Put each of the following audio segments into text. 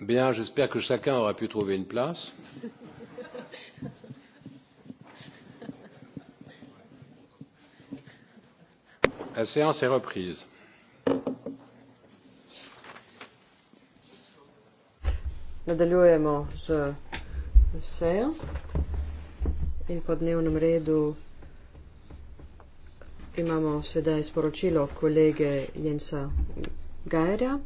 Bien, j'espère que chacun aura pu trouver une place. La séance est reprise. Nadaljujemo z sejo in po dnevnem redu imamo sedaj sporočilo kolege Jensa Gajerja.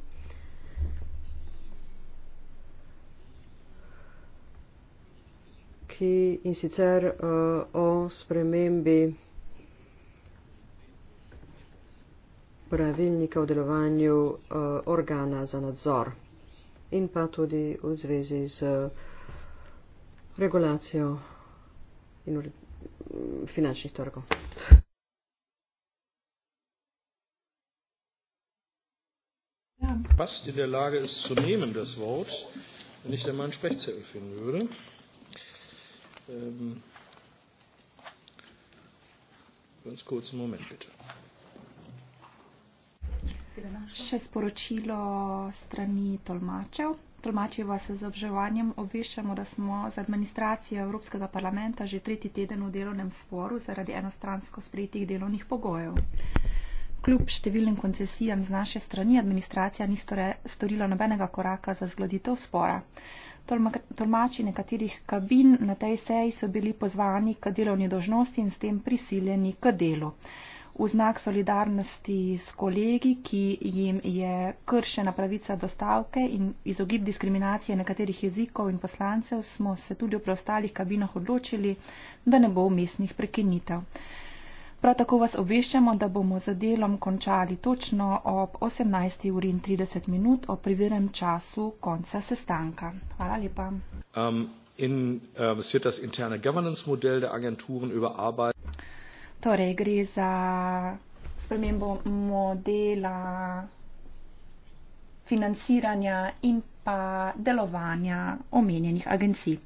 ki in sicer uh, o spremembi pravilnika o delovanju uh, organa za nadzor in pa tudi v zvezi z eh, regulacijo in finančnih trgov. Ja. Bast in der Lage ist zu nehmen das Wort, wenn ich der Mann Sprechzettel finden würde. Ehm, ganz kurzen Moment bitte. Še sporočilo strani tolmačev. Tolmačeva se z obžalovanjem obveščamo, da smo z administracijo Evropskega parlamenta že tretji teden v delovnem sporu zaradi enostransko sprejetih delovnih pogojev. Kljub številnim koncesijam z naše strani administracija ni storila nobenega koraka za zgladitev spora. Tolmači nekaterih kabin na tej seji so bili pozvani k delovni dožnosti in s tem prisiljeni k delu. V znak solidarnosti s kolegi, ki jim je kršena pravica dostavke in izogib diskriminacije nekaterih jezikov in poslancev, smo se tudi v preostalih kabinah odločili, da ne bo mestnih prekinitev. Prav tako vas obveščamo, da bomo z delom končali točno ob 18.30 ob privirem času konca sestanka. Hvala lepa. Um, in, um, uh, svet das interne governance model der agenturen überarbeitet. Torej, gre za spremembo modela financiranja in pa delovanja omenjenih agencij.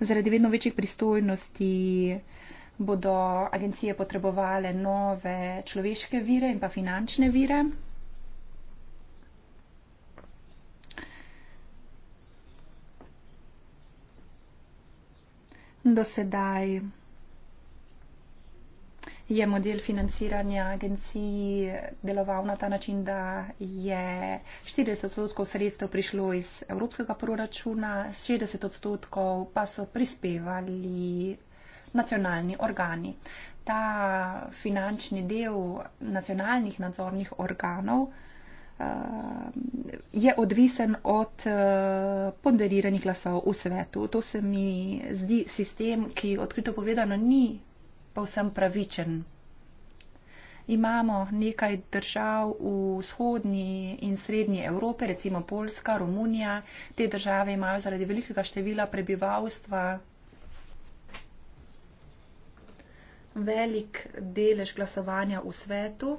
Zaradi vedno večjih pristojnosti bodo agencije potrebovale nove človeške vire in pa finančne vire. Do sedaj je model financiranja agencij deloval na ta način, da je 40 odstotkov sredstev prišlo iz evropskega proračuna, 60 odstotkov pa so prispevali nacionalni organi. Ta finančni del nacionalnih nadzornih organov eh, je odvisen od eh, ponderiranih glasov v svetu. To se mi zdi sistem, ki odkrito povedano ni povsem pravičen. Imamo nekaj držav v vzhodnji in srednji Evropi, recimo Poljska, Romunija. Te države imajo zaradi velikega števila prebivalstva velik delež glasovanja v svetu,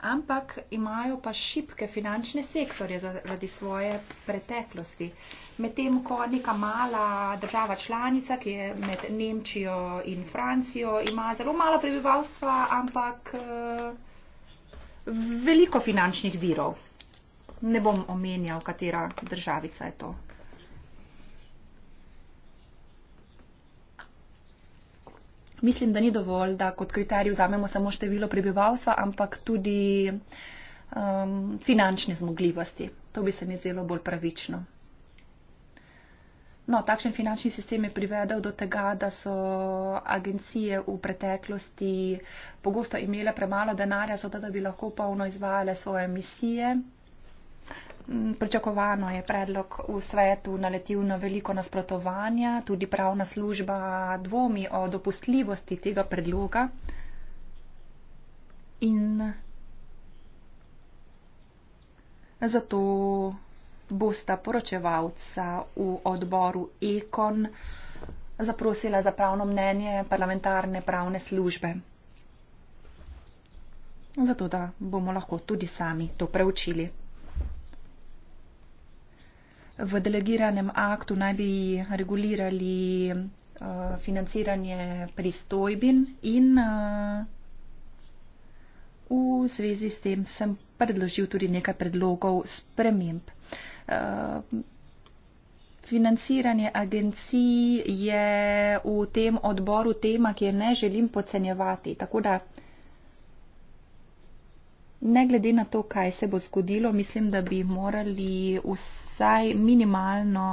ampak imajo pa šibke finančne sektorje zaradi svoje preteklosti. Medtem, ko neka mala država članica, ki je med Nemčijo in Francijo, ima zelo malo prebivalstva, ampak eh, veliko finančnih virov. Ne bom omenjal, katera državica je to. mislim, da ni dovolj, da kot kriterij vzamemo samo število prebivalstva, ampak tudi um, finančne zmogljivosti. To bi se mi zdelo bolj pravično. No, takšen finančni sistem je privedel do tega, da so agencije v preteklosti pogosto imele premalo denarja, zato da bi lahko polno izvajale svoje misije pričakovano je predlog v svetu naletil na veliko nasprotovanja, tudi pravna služba dvomi o dopustljivosti tega predloga. In zato bosta poročevalca v odboru Ekon zaprosila za pravno mnenje parlamentarne pravne službe. Zato, da bomo lahko tudi sami to preučili v delegiranem aktu naj bi regulirali uh, financiranje pristojbin in uh, v zvezi s tem sem predložil tudi nekaj predlogov sprememb. Uh, financiranje agencij je v tem odboru tema, ki je ne želim podcenjevati. Tako da uh, ne glede na to, kaj se bo zgodilo, mislim, da bi morali vsaj minimalno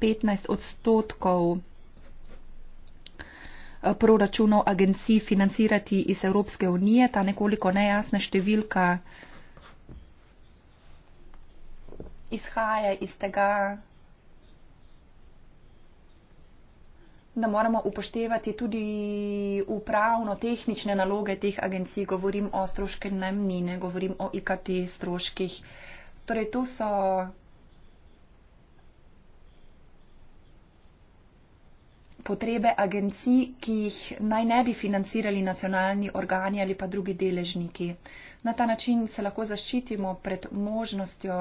15 odstotkov eh, proračunov agencij financirati iz Evropske unije. Ta nekoliko nejasna številka izhaja iz tega, da moramo upoštevati tudi upravno-tehnične naloge teh agencij, govorim o stroške najmnine, govorim o IKT stroških. Torej, to so. Potrebe agencij, ki jih naj ne bi financirali nacionalni organi ali pa drugi deležniki. Na ta način se lahko zaščitimo pred možnostjo,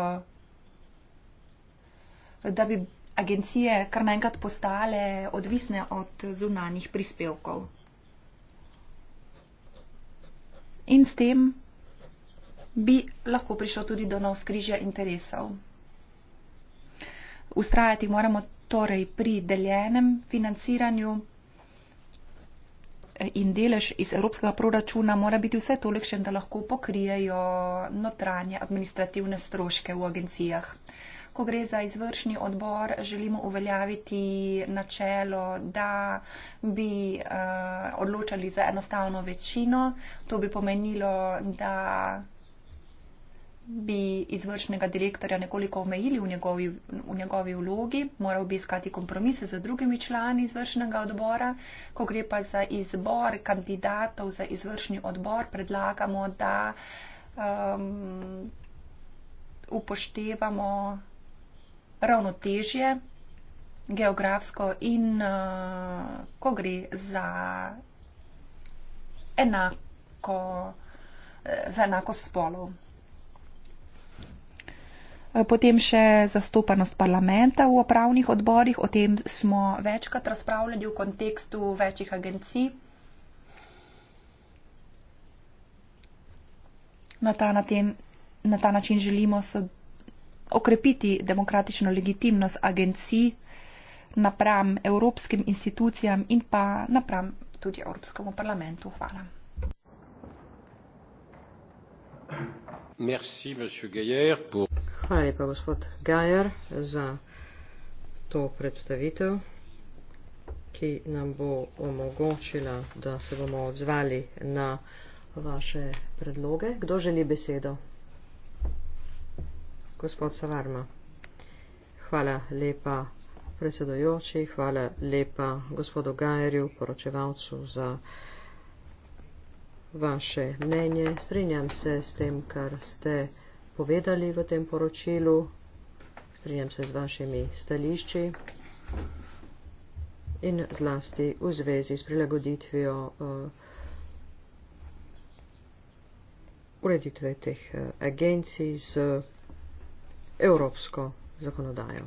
da bi agencije kar naenkrat postale odvisne od zunanjih prispevkov. In s tem bi lahko prišlo tudi do navskrižja interesov. Ustrajati moramo torej pri deljenem financiranju eh, in delež iz evropskega proračuna mora biti vse tolikšen, da lahko pokrijejo notranje administrativne stroške v agencijah ko gre za izvršni odbor, želimo uveljaviti načelo, da bi uh, odločali za enostavno večino. To bi pomenilo, da bi izvršnega direktorja nekoliko omejili v njegovi, v njegovi vlogi, moral bi iskati kompromise z drugimi člani izvršnega odbora. Ko gre pa za izbor kandidatov za izvršni odbor, predlagamo, da um, upoštevamo ravnotežje geografsko in uh, ko gre za enako, eh, za enako spolov. Eh, potem še zastopanost parlamenta v opravnih odborih, o tem smo večkrat razpravljali v kontekstu večjih agencij. Na ta, na, tem, na ta način želimo sod, okrepiti demokratično legitimnost agencij napram evropskim institucijam in pa napram tudi Evropskemu parlamentu. Hvala. Merci, Gajer, pour... Hvala lepa, gospod Gajer, za to predstavitev, ki nam bo omogočila, da se bomo odzvali na vaše predloge. Kdo želi besedo? gospod Savarma. Hvala lepa predsedojoči, hvala lepa gospodu Gajerju, poročevalcu, za vaše mnenje. Strinjam se s tem, kar ste povedali v tem poročilu, strinjam se z vašimi stališči in zlasti v zvezi s prilagoditvijo uh, ureditve teh uh, agencij z uh, evropsko zakonodajo.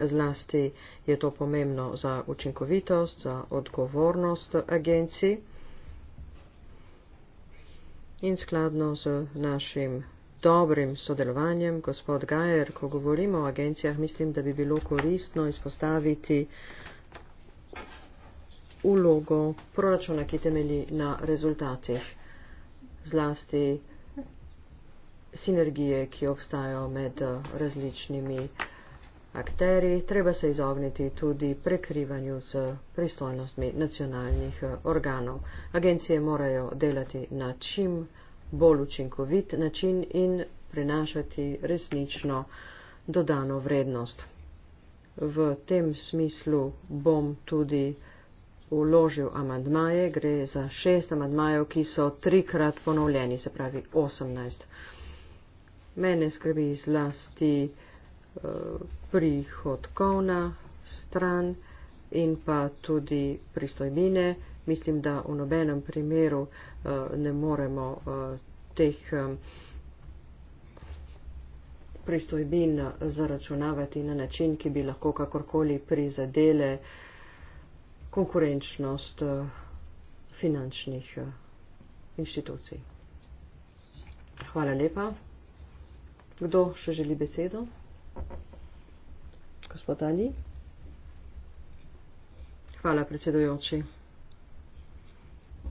Zlasti je to pomembno za učinkovitost, za odgovornost agencij in skladno z našim dobrim sodelovanjem, gospod Gajer, ko govorimo o agencijah, mislim, da bi bilo koristno izpostaviti ulogo proračuna, ki temeli na rezultatih. Zlasti sinergije, ki obstajajo med eh, različnimi akteri, treba se izogniti tudi prekrivanju z pristojnostmi nacionalnih eh, organov. Agencije morajo delati na čim bolj učinkovit način in prinašati resnično dodano vrednost. V tem smislu bom tudi uložil amandmaje, gre za šest amandmajev, ki so trikrat ponovljeni, se pravi osemnajst. Mene skrbi zlasti eh, prihodkovna stran in pa tudi pristojbine. Mislim, da v nobenem primeru eh, ne moremo eh, teh pristojbin zaračunavati na način, ki bi lahko kakorkoli prizadele konkurenčnost finančnih inštitucij. Hvala lepa. Kdo še želi besedo? Gospod Ali? Hvala, predsedojoči.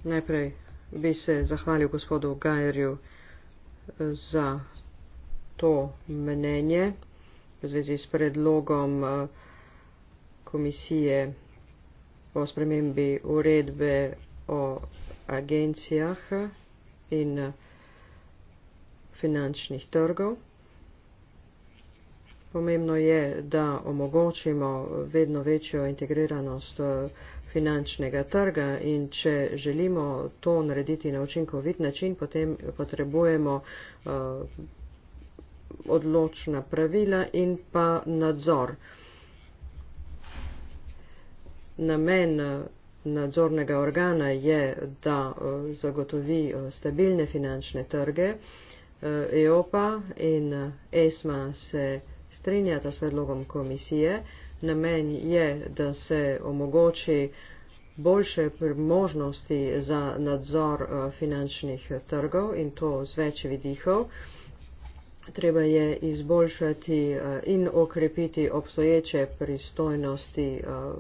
Najprej bi se zahvalil gospodu Gajerju eh, za to mnenje v zvezi s predlogom eh, komisije o spremembi uredbe o agencijah in eh, finančnih trgov. Pomembno je, da omogočimo vedno večjo integriranost eh, finančnega trga in če želimo to narediti na učinkovit način, potem potrebujemo eh, odločna pravila in pa nadzor. Namen eh, nadzornega organa je, da zagotovi stabilne finančne trge. EOPA e in ESMA se strinjata s predlogom komisije. Namen je, da se omogoči boljše možnosti za nadzor eh, finančnih trgov in to z več vidihov. Treba je izboljšati eh, in okrepiti obstoječe pristojnosti eh,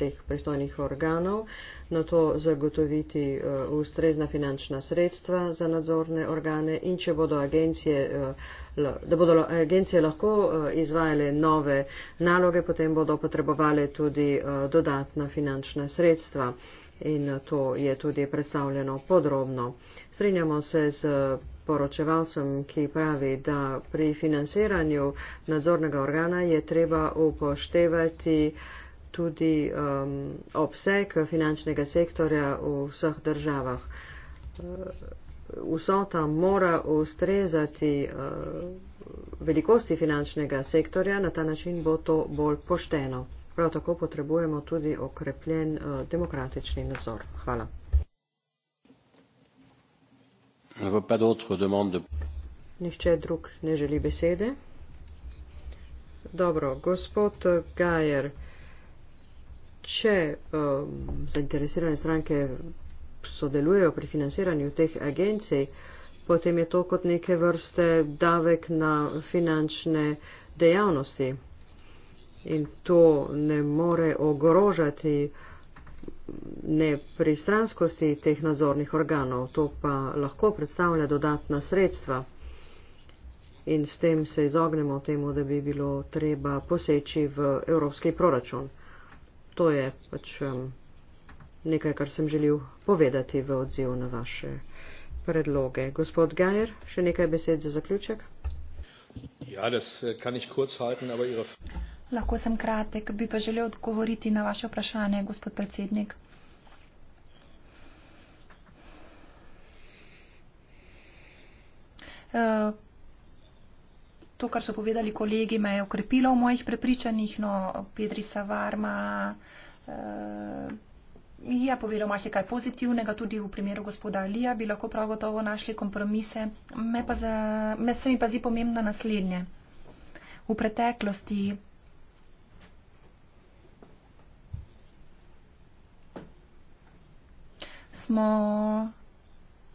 teh pristojnih organov, na to zagotoviti eh, ustrezna finančna sredstva za nadzorne organe in če bodo agencije, eh, da bodo agencije lahko eh, izvajale nove naloge, potem bodo potrebovali tudi dodatna finančna sredstva. In to je tudi predstavljeno podrobno. Strinjamo se z poročevalcem, ki pravi, da pri financiranju nadzornega organa je treba upoštevati uh, tudi um, obseg finančnega sektorja v vseh državah. Uh, Vsota mora ustrezati uh, velikosti finančnega sektorja, na ta način bo to bolj pošteno. Prav tako potrebujemo tudi okrepljen uh, demokratični nadzor. Hvala. Nihče drug ne želi besede. Dobro, gospod Gajer če um, zainteresirane stranke sodelujejo pri financiranju teh agencij, potem je to kot neke vrste davek na finančne dejavnosti. In to ne more ogrožati nepristranskosti teh nadzornih organov, to pa lahko predstavlja dodatna sredstva. In s tem se izognemo temu, da bi bilo treba poseči v evropski proračun. To je pač um, nekaj, kar sem želel povedati v odziv na vaše predloge. Gospod Gajer, še nekaj besed za zaključek? Ja, das äh, kann ich kurz halten, aber Ihre. Lahko sem kratek, bi pa želel odgovoriti na vaše vprašanje, gospod predsednik. Uh, to, kar so povedali kolegi, me je okrepilo v mojih prepričanjih. No, Pedri Savarma uh, je povedal marsikaj pozitivnega, tudi v primeru gospoda Alija bi lahko prav gotovo našli kompromise. Me, pa za, me se mi pa zdi pomembno naslednje. V preteklosti. Smo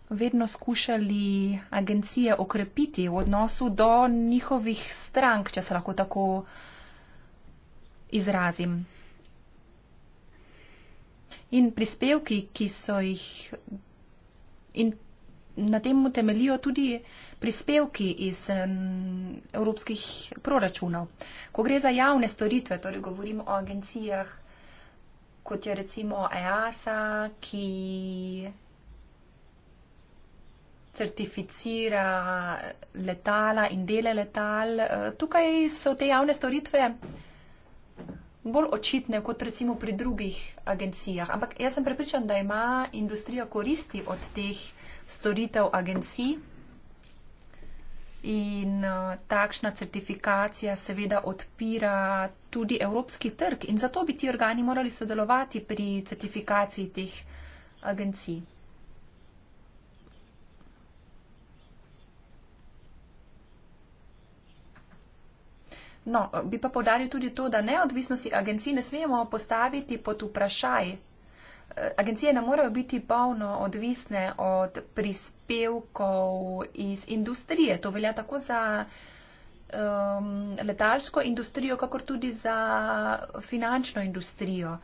vedno skušali agencije okrepiti v odnosu do njihovih strank, če se lahko tako izrazim. In prispevki, ki so jih. In na tem temelijo tudi prispevki iz um, evropskih proračunov. Ko gre za javne storitve, torej govorimo o agencijah, kot je recimo EASA, ki certificira letala in dele letal. Eh, tukaj so te javne storitve bolj očitne kot recimo pri drugih agencijah. Ampak jaz sem prepričan, da ima industrija koristi od teh storitev agencij in eh, takšna certifikacija seveda odpira tudi evropski trg in zato bi ti organi morali sodelovati pri certifikaciji teh agencij. No, bi pa podaril tudi to, da neodvisnosti agencij ne smemo postaviti pod vprašaj. Eh, agencije ne morejo biti polno odvisne od prispevkov iz industrije. To velja tako za um, letalsko industrijo, kakor tudi za finančno industrijo.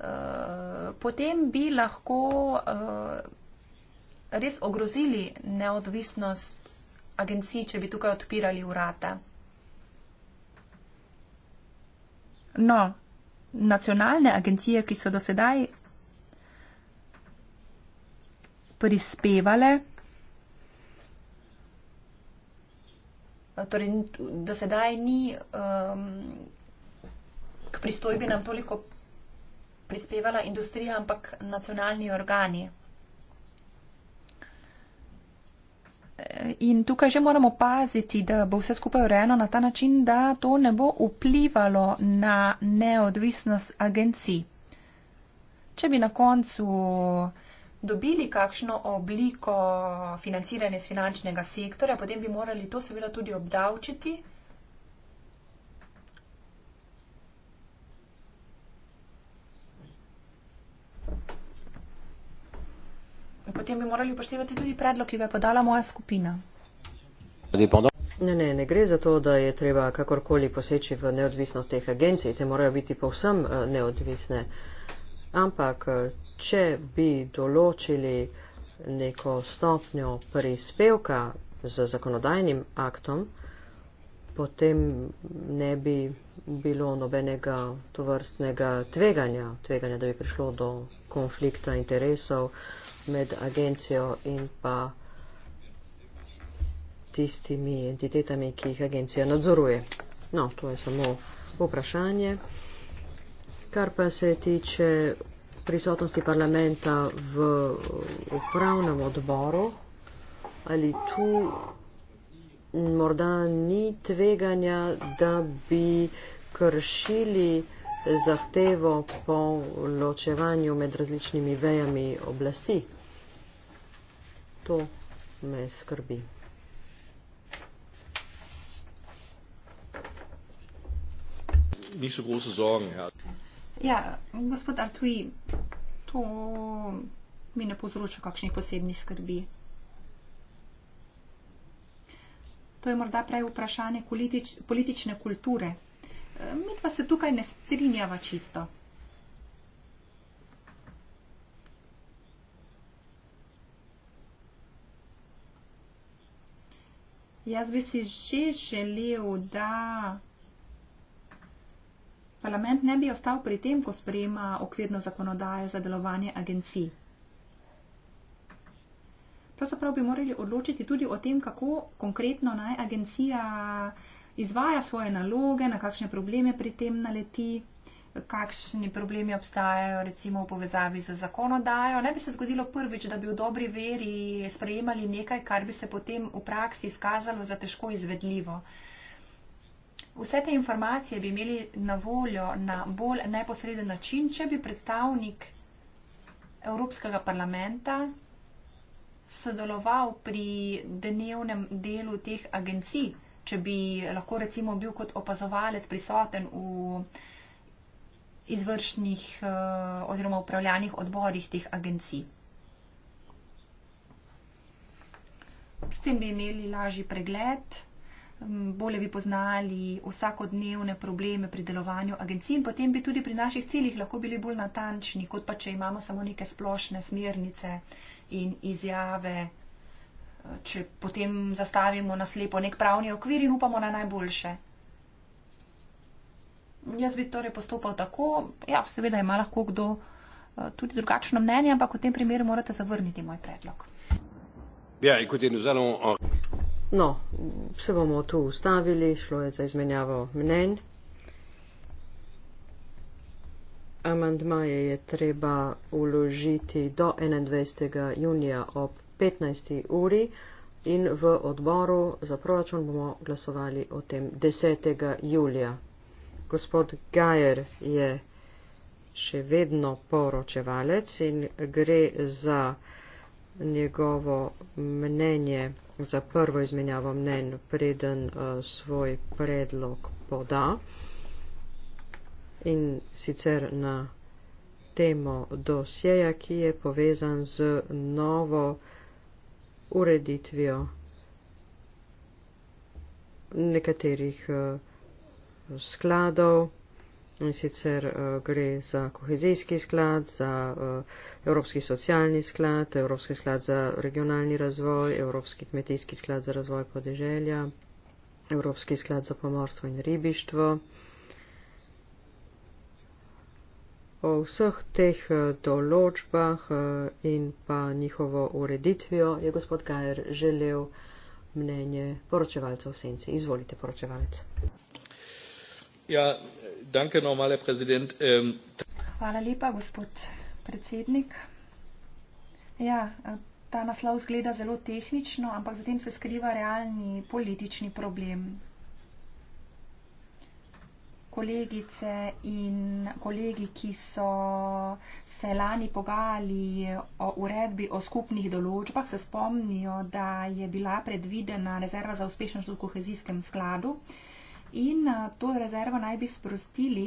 Uh, potem bi lahko uh, res ogrozili neodvisnost agencij, če bi tukaj odpirali urata. No, nacionalne agencije, ki so dosedaj prispevale. Torej, dosedaj ni um, k pristojbi nam toliko prispevala industrija, ampak nacionalni organi. In tukaj že moramo paziti, da bo vse skupaj urejeno na ta način, da to ne bo vplivalo na neodvisnost agencij. Če bi na koncu dobili kakšno obliko financiranja iz finančnega sektorja, potem bi morali to seveda tudi obdavčiti Potem bi morali upoštevati tudi predlog, ki ga je podala moja skupina. Ne, ne, ne gre za to, da je treba kakorkoli poseči v neodvisnost teh agencij. Te morajo biti povsem eh, neodvisne. Ampak, eh, če bi določili neko stopnjo prispevka z zakonodajnim aktom, potem ne bi bilo nobenega tovrstnega tveganja, tveganja, da bi prišlo do konflikta interesov. Uh, med agencijo in pa tistimi entitetami, ki jih agencija nadzoruje. No, to je samo vprašanje. Kar pa se tiče prisotnosti parlamenta v upravnem odboru, ali tu morda ni tveganja, da bi kršili uh, zahtevo po ločevanju med različnimi vejami oblasti. To me skrbi. Niso grozne zorge. Ja, gospod Artui, to mi ne povzroča kakšnih posebnih skrbi. To je morda prej vprašanje politič, politične kulture, mi pa se tukaj ne strinjava čisto. Jaz bi si že želel, da parlament ne bi ostal pri tem, ko sprejema okvirno zakonodaje za delovanje agencij. Pravzaprav bi morali odločiti tudi o tem, kako konkretno naj agencija izvaja svoje naloge, na kakšne probleme pri tem naleti, kakšni problemi obstajajo recimo v povezavi z zakonodajo. Ne bi se zgodilo prvič, da bi v dobri veri sprejemali nekaj, kar bi se potem v praksi izkazalo za težko izvedljivo. Vse te informacije bi imeli na voljo na bolj neposreden način, če bi predstavnik Evropskega parlamenta sodeloval pri dnevnem delu teh agencij, če bi lahko recimo bil kot opazovalec prisoten v izvršnih eh, oziroma upravljanih odborih teh agencij. S tem bi imeli lažji pregled, mm, bolje bi poznali vsakodnevne probleme pri delovanju agencij in potem bi tudi pri naših ciljih lahko bili bolj natančni, kot pa če imamo samo neke splošne smernice in izjave če potem zastavimo na slepo nek pravni okvir in upamo na najboljše. Jaz bi torej postopal tako, ja, seveda ima lahko kdo eh, tudi drugačno mnenje, ampak v tem primeru morate zavrniti moj predlog. Ja, in kot je nuzano. No, se bomo tu ustavili, šlo je za izmenjavo mnenj. Amandmaje je treba uložiti do 21. junija ob 15.00. 15. uri in v odboru za proračun bomo glasovali o tem 10. julija. Gospod Gajer je še vedno poročevalec in gre za njegovo mnenje, za prvo izmenjavo mnen, preden uh, svoj predlog poda in sicer na temo dosjeja, ki je povezan z novo uh, ureditvijo nekaterih eh, skladov. In sicer uh, gre za kohezijski sklad, za uh, Evropski socialni sklad, Evropski sklad za regionalni razvoj, Evropski kmetijski sklad za razvoj podeželja, Evropski sklad za pomorstvo in ribištvo. o vseh teh eh, določbah eh, in pa njihovo ureditvijo je gospod Gajer želel mnenje poročevalca v senci. Izvolite, poročevalec. Ja, danke no, male prezident. Hvala lepa, gospod predsednik. Ja, ta naslov zgleda zelo tehnično, ampak zatem se skriva realni politični problem kolegice in kolegi, ki so se lani pogajali o uredbi o skupnih določbah, se spomnijo, da je bila predvidena rezerva za uspešnost v kohezijskem skladu in to rezervo naj bi sprostili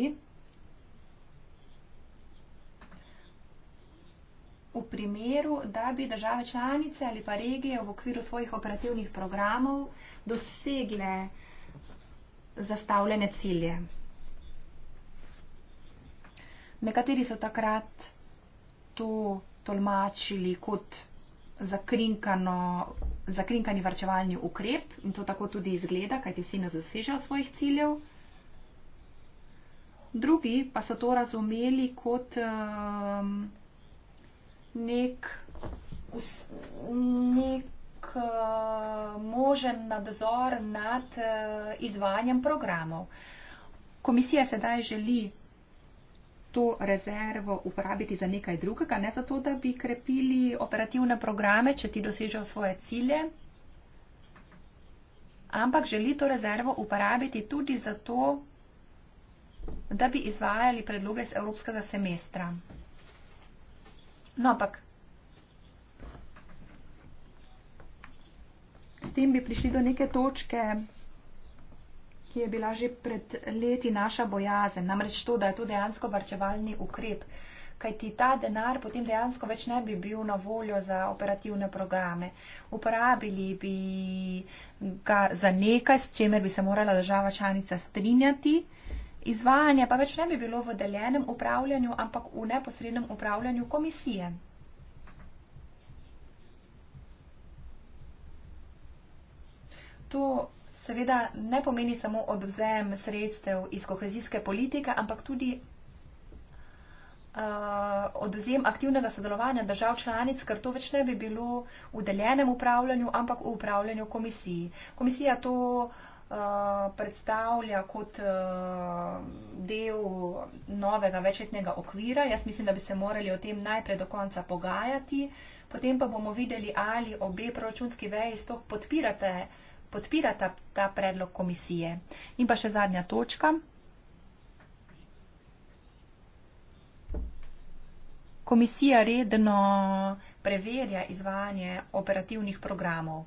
v primeru, da bi države članice ali pa regije v okviru svojih operativnih programov dosegle zastavljene cilje. Nekateri so takrat to tolmačili kot zakrinkani varčevalni ukrep in to tako tudi izgleda, kajti vsi nas dosežejo svojih ciljev. Drugi pa so to razumeli kot um, nek, us, nek uh, možen nadzor nad uh, izvajanjem programov. Komisija sedaj želi to rezervo uporabiti za nekaj drugega, ne zato, da bi krepili operativne programe, če ti dosežejo svoje cilje, ampak želi to rezervo uporabiti tudi zato, da bi izvajali predloge z evropskega semestra. No, ampak s tem bi prišli do neke točke, ki je bila že pred leti naša bojazen, namreč to, da je to dejansko varčevalni ukrep, kaj ti ta denar potem dejansko več ne bi bil na voljo za operativne programe. Uporabili bi ga za nekaj, s čemer bi se morala država članica strinjati. Izvajanje pa več ne bi bilo v deljenem upravljanju, ampak v neposrednem upravljanju komisije. To seveda ne pomeni samo odvzem sredstev iz kohezijske politike, ampak tudi uh, odvzem aktivnega sodelovanja držav članic, ker to več ne bi bilo v deljenem upravljanju, ampak v upravljanju komisiji. Komisija to uh, predstavlja kot uh, del novega večletnega okvira. Jaz mislim, da bi se morali o tem najprej do konca pogajati, potem pa bomo videli, ali obe proračunski veji sploh podpirate podpira ta, ta predlog komisije. In pa še zadnja točka. Komisija redno preverja izvajanje operativnih programov.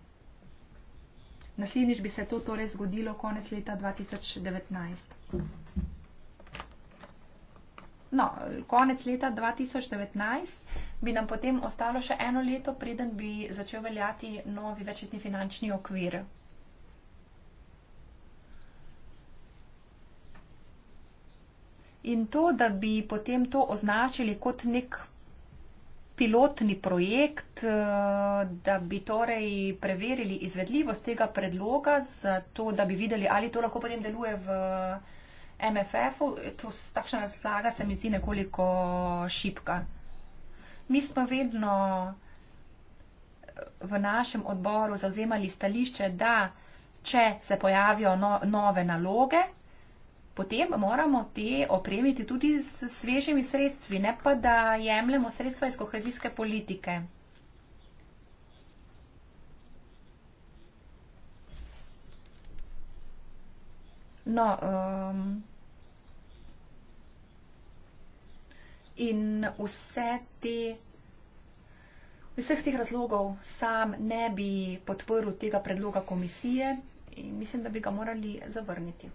Naslednjič bi se to torej zgodilo konec leta 2019. No, konec leta 2019 bi nam potem ostalo še eno leto, preden bi začel veljati novi večletni finančni okvir. In to, da bi potem to označili kot nek pilotni projekt, eh, da bi torej preverili izvedljivost tega predloga, zato da bi videli, ali to lahko potem deluje v eh, MFF-u, takšna razlaga se mi zdi nekoliko šipka. Mi smo vedno eh, v našem odboru zauzemali stališče, da če se pojavijo no, nove naloge, potem moramo te opremiti tudi s svežimi sredstvi, ne pa da jemljemo sredstva iz kohezijske politike. No, um, in vse te, vseh teh razlogov sam ne bi podporil tega predloga komisije in mislim, da bi ga morali zavrniti.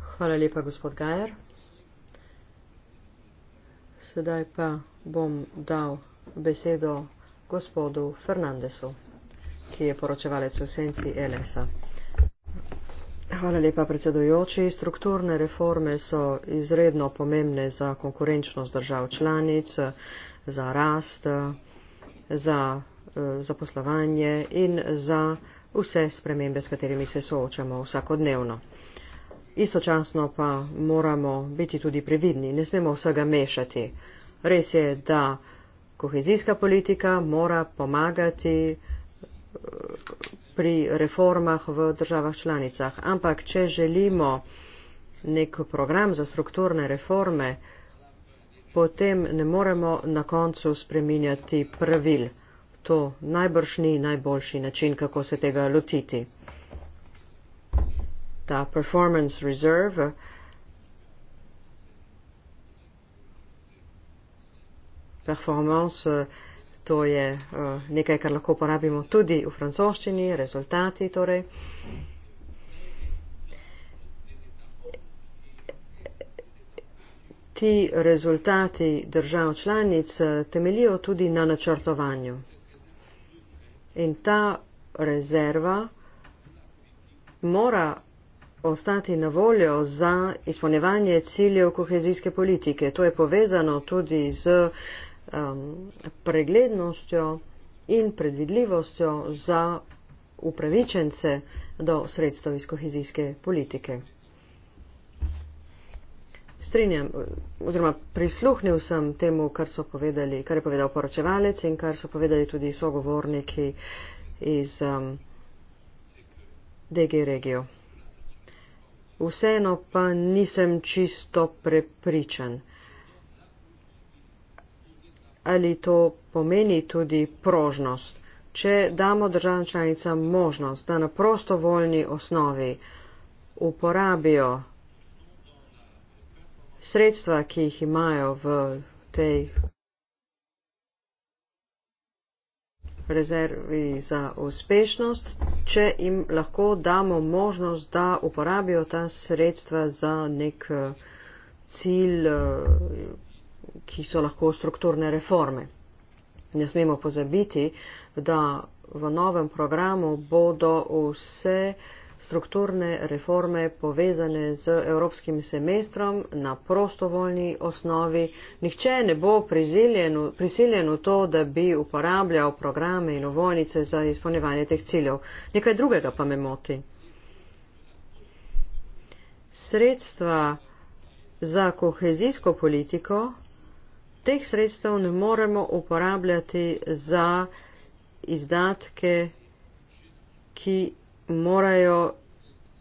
Hvala lepa, gospod Gajer. Sedaj pa bom dal besedo gospodu Fernandesu, ki je poročevalec v senci Elesa. Hvala lepa, predsedujoči. Strukturne reforme so izredno pomembne za konkurenčnost držav članic, za rast, za eh, zaposlovanje in za vse spremembe, s katerimi se soočamo vsakodnevno. Istočasno pa moramo biti tudi previdni, ne smemo vsega mešati. Res je, da kohezijska politika mora pomagati pri reformah v državah članicah, ampak če želimo nek program za strukturne reforme, potem ne moremo na koncu spreminjati pravil to najbrž ni najboljši način, kako se tega lotiti. Ta performance reserve performance to je eh, nekaj, kar lahko porabimo tudi v francoščini, rezultati torej. Ti rezultati držav članic eh, temelijo tudi na načrtovanju. In ta rezerva mora ostati na voljo za izpolnevanje ciljev kohezijske politike. To je povezano tudi z um, preglednostjo in predvidljivostjo za upravičence do sredstev iz kohezijske politike. Strinjam, oziroma prisluhnil sem temu, kar so povedali, kar je povedal poročevalec in kar so povedali tudi sogovorniki iz um, DG regijo. Vseeno pa nisem čisto prepričan, ali to pomeni tudi prožnost. Če damo državam članicam možnost, da na prostovoljni osnovi uporabijo sredstva, ki jih imajo v tej rezervi za uspešnost, če jim lahko damo možnost, da uporabijo ta sredstva za nek eh, cilj, eh, ki so lahko strukturne reforme. Ne smemo pozabiti, da v novem programu bodo vse uh, strukturne reforme povezane z evropskim semestrom na prostovoljni osnovi. Nihče ne bo prisiljen v to, da bi uporabljal programe in ovojnice za izpolnjevanje teh ciljev. Nekaj drugega pa me moti. Sredstva za kohezijsko politiko, teh sredstev ne moremo uporabljati za izdatke, ki morajo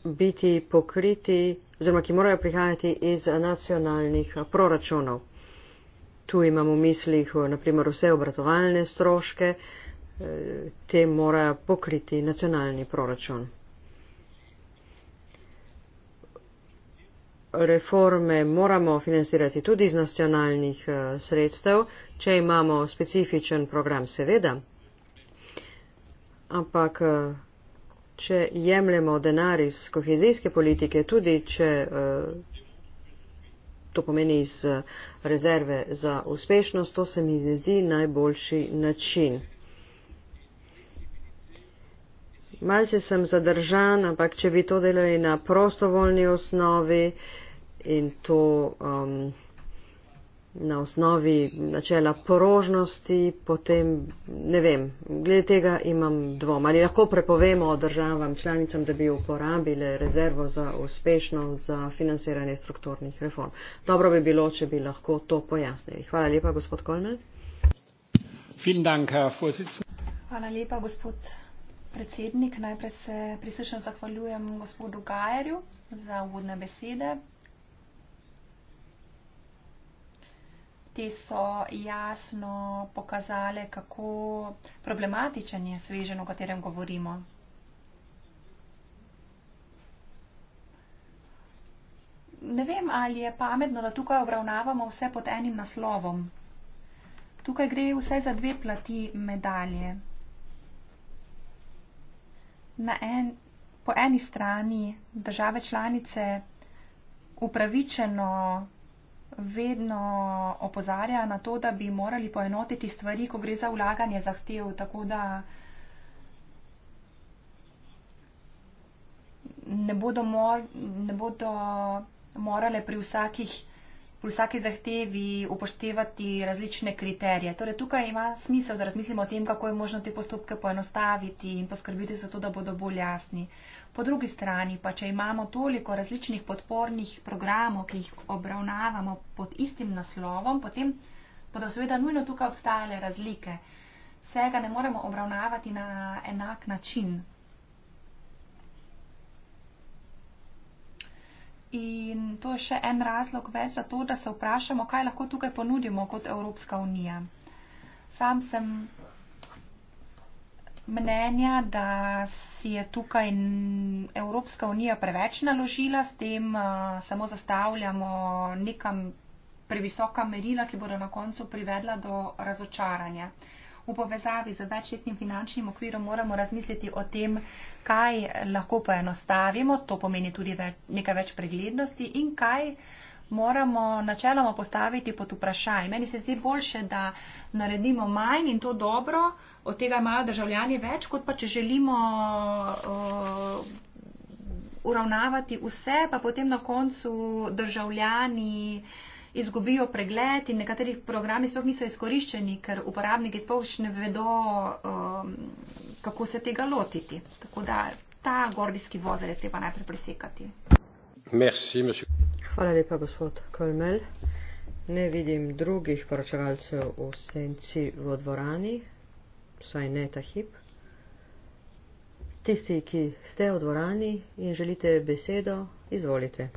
biti pokriti, oziroma ki morajo prihajati iz nacionalnih proračunov. Tu imamo v mislih, naprimer, vse obratovalne stroške, eh, te mora pokriti nacionalni proračun. Reforme moramo financirati tudi iz nacionalnih eh, sredstev, če imamo specifičen program, seveda. Ampak eh, če jemljemo denar iz kohezijske politike, tudi če eh, to pomeni iz eh, rezerve za uspešnost, to se mi zdi najboljši način. Malce sem zadržan, ampak če bi to delali na prostovoljni osnovi in to. Um, na osnovi načela porožnosti, potem ne vem, glede tega imam dvom. Ali lahko prepovemo državam članicam, da bi uporabile rezervo za uspešno za financiranje strukturnih reform? Dobro bi bilo, če bi lahko to pojasnili. Hvala lepa, gospod Kolner. Hvala lepa, gospod predsednik. Najprej se prisrčno zahvaljujem gospodu Gajerju za uvodne besede. te so jasno pokazale, kako problematičen je svežen, o katerem govorimo. Ne vem, ali je pametno, da tukaj obravnavamo vse pod enim naslovom. Tukaj gre vse za dve plati medalje. Na en, po eni strani države članice upravičeno vedno opozarja na to, da bi morali poenotiti stvari, ko gre za vlaganje zahtev. Tako da ne bodo, mor, ne bodo morale pri, vsakih, pri vsaki zahtevi upoštevati različne kriterije. Torej, tukaj ima smisel, da razmislimo o tem, kako je možno te postopke poenostaviti in poskrbiti za to, da bodo bolj jasni. Po drugi strani pa, če imamo toliko različnih podpornih programov, ki jih obravnavamo pod istim naslovom, potem bodo seveda nujno tukaj obstajale razlike. Vsega ne moremo obravnavati na enak način. In to je še en razlog več za to, da se vprašamo, kaj lahko tukaj ponudimo kot Evropska unija. Sam sem mnenja, da si je tukaj Evropska unija preveč naložila, s tem uh, samo zastavljamo nekam previsoka merila, ki bodo na koncu privedla do razočaranja. V povezavi z večletnim finančnim okvirom moramo razmisliti o tem, kaj lahko poenostavimo, to pomeni tudi več, nekaj več preglednosti in kaj moramo načeloma postaviti pod vprašaj. Meni se zdi boljše, da naredimo manj in to dobro, od tega imajo državljani več, kot pa če želimo uh, uravnavati vse, pa potem na koncu državljani izgubijo pregled in nekateri programi sploh niso izkoriščeni, ker uporabniki sploh ne vedo, um, kako se tega lotiti. Tako da ta gordijski vozel je treba najprej presekati. Hvala lepa, gospod Kolmel. Ne vidim drugih poročevalcev v senci v dvorani, vsaj ne ta hip. Tisti, ki ste v dvorani in želite besedo, izvolite.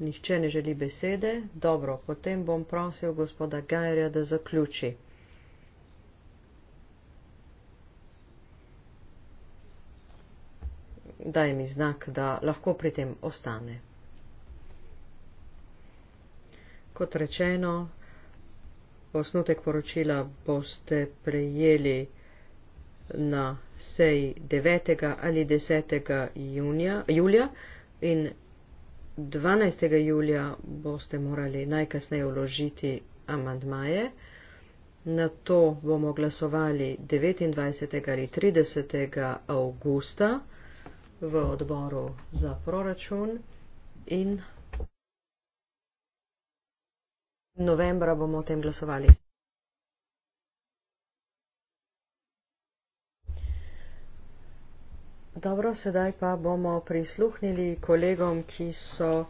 Nihče ne želi besede, dobro, potem bom prosil gospoda Gajerja, da zaključi. daj mi znak, da lahko pri tem ostane. Kot rečeno, osnutek poročila boste prejeli na sej 9. ali 10. Junija, julija in 12. julija boste morali najkasneje vložiti amandmaje. Na to bomo glasovali 29. ali 30. augusta v odboru za proračun in novembra bomo o tem glasovali. Dobro, sedaj pa bomo prisluhnili kolegom, ki so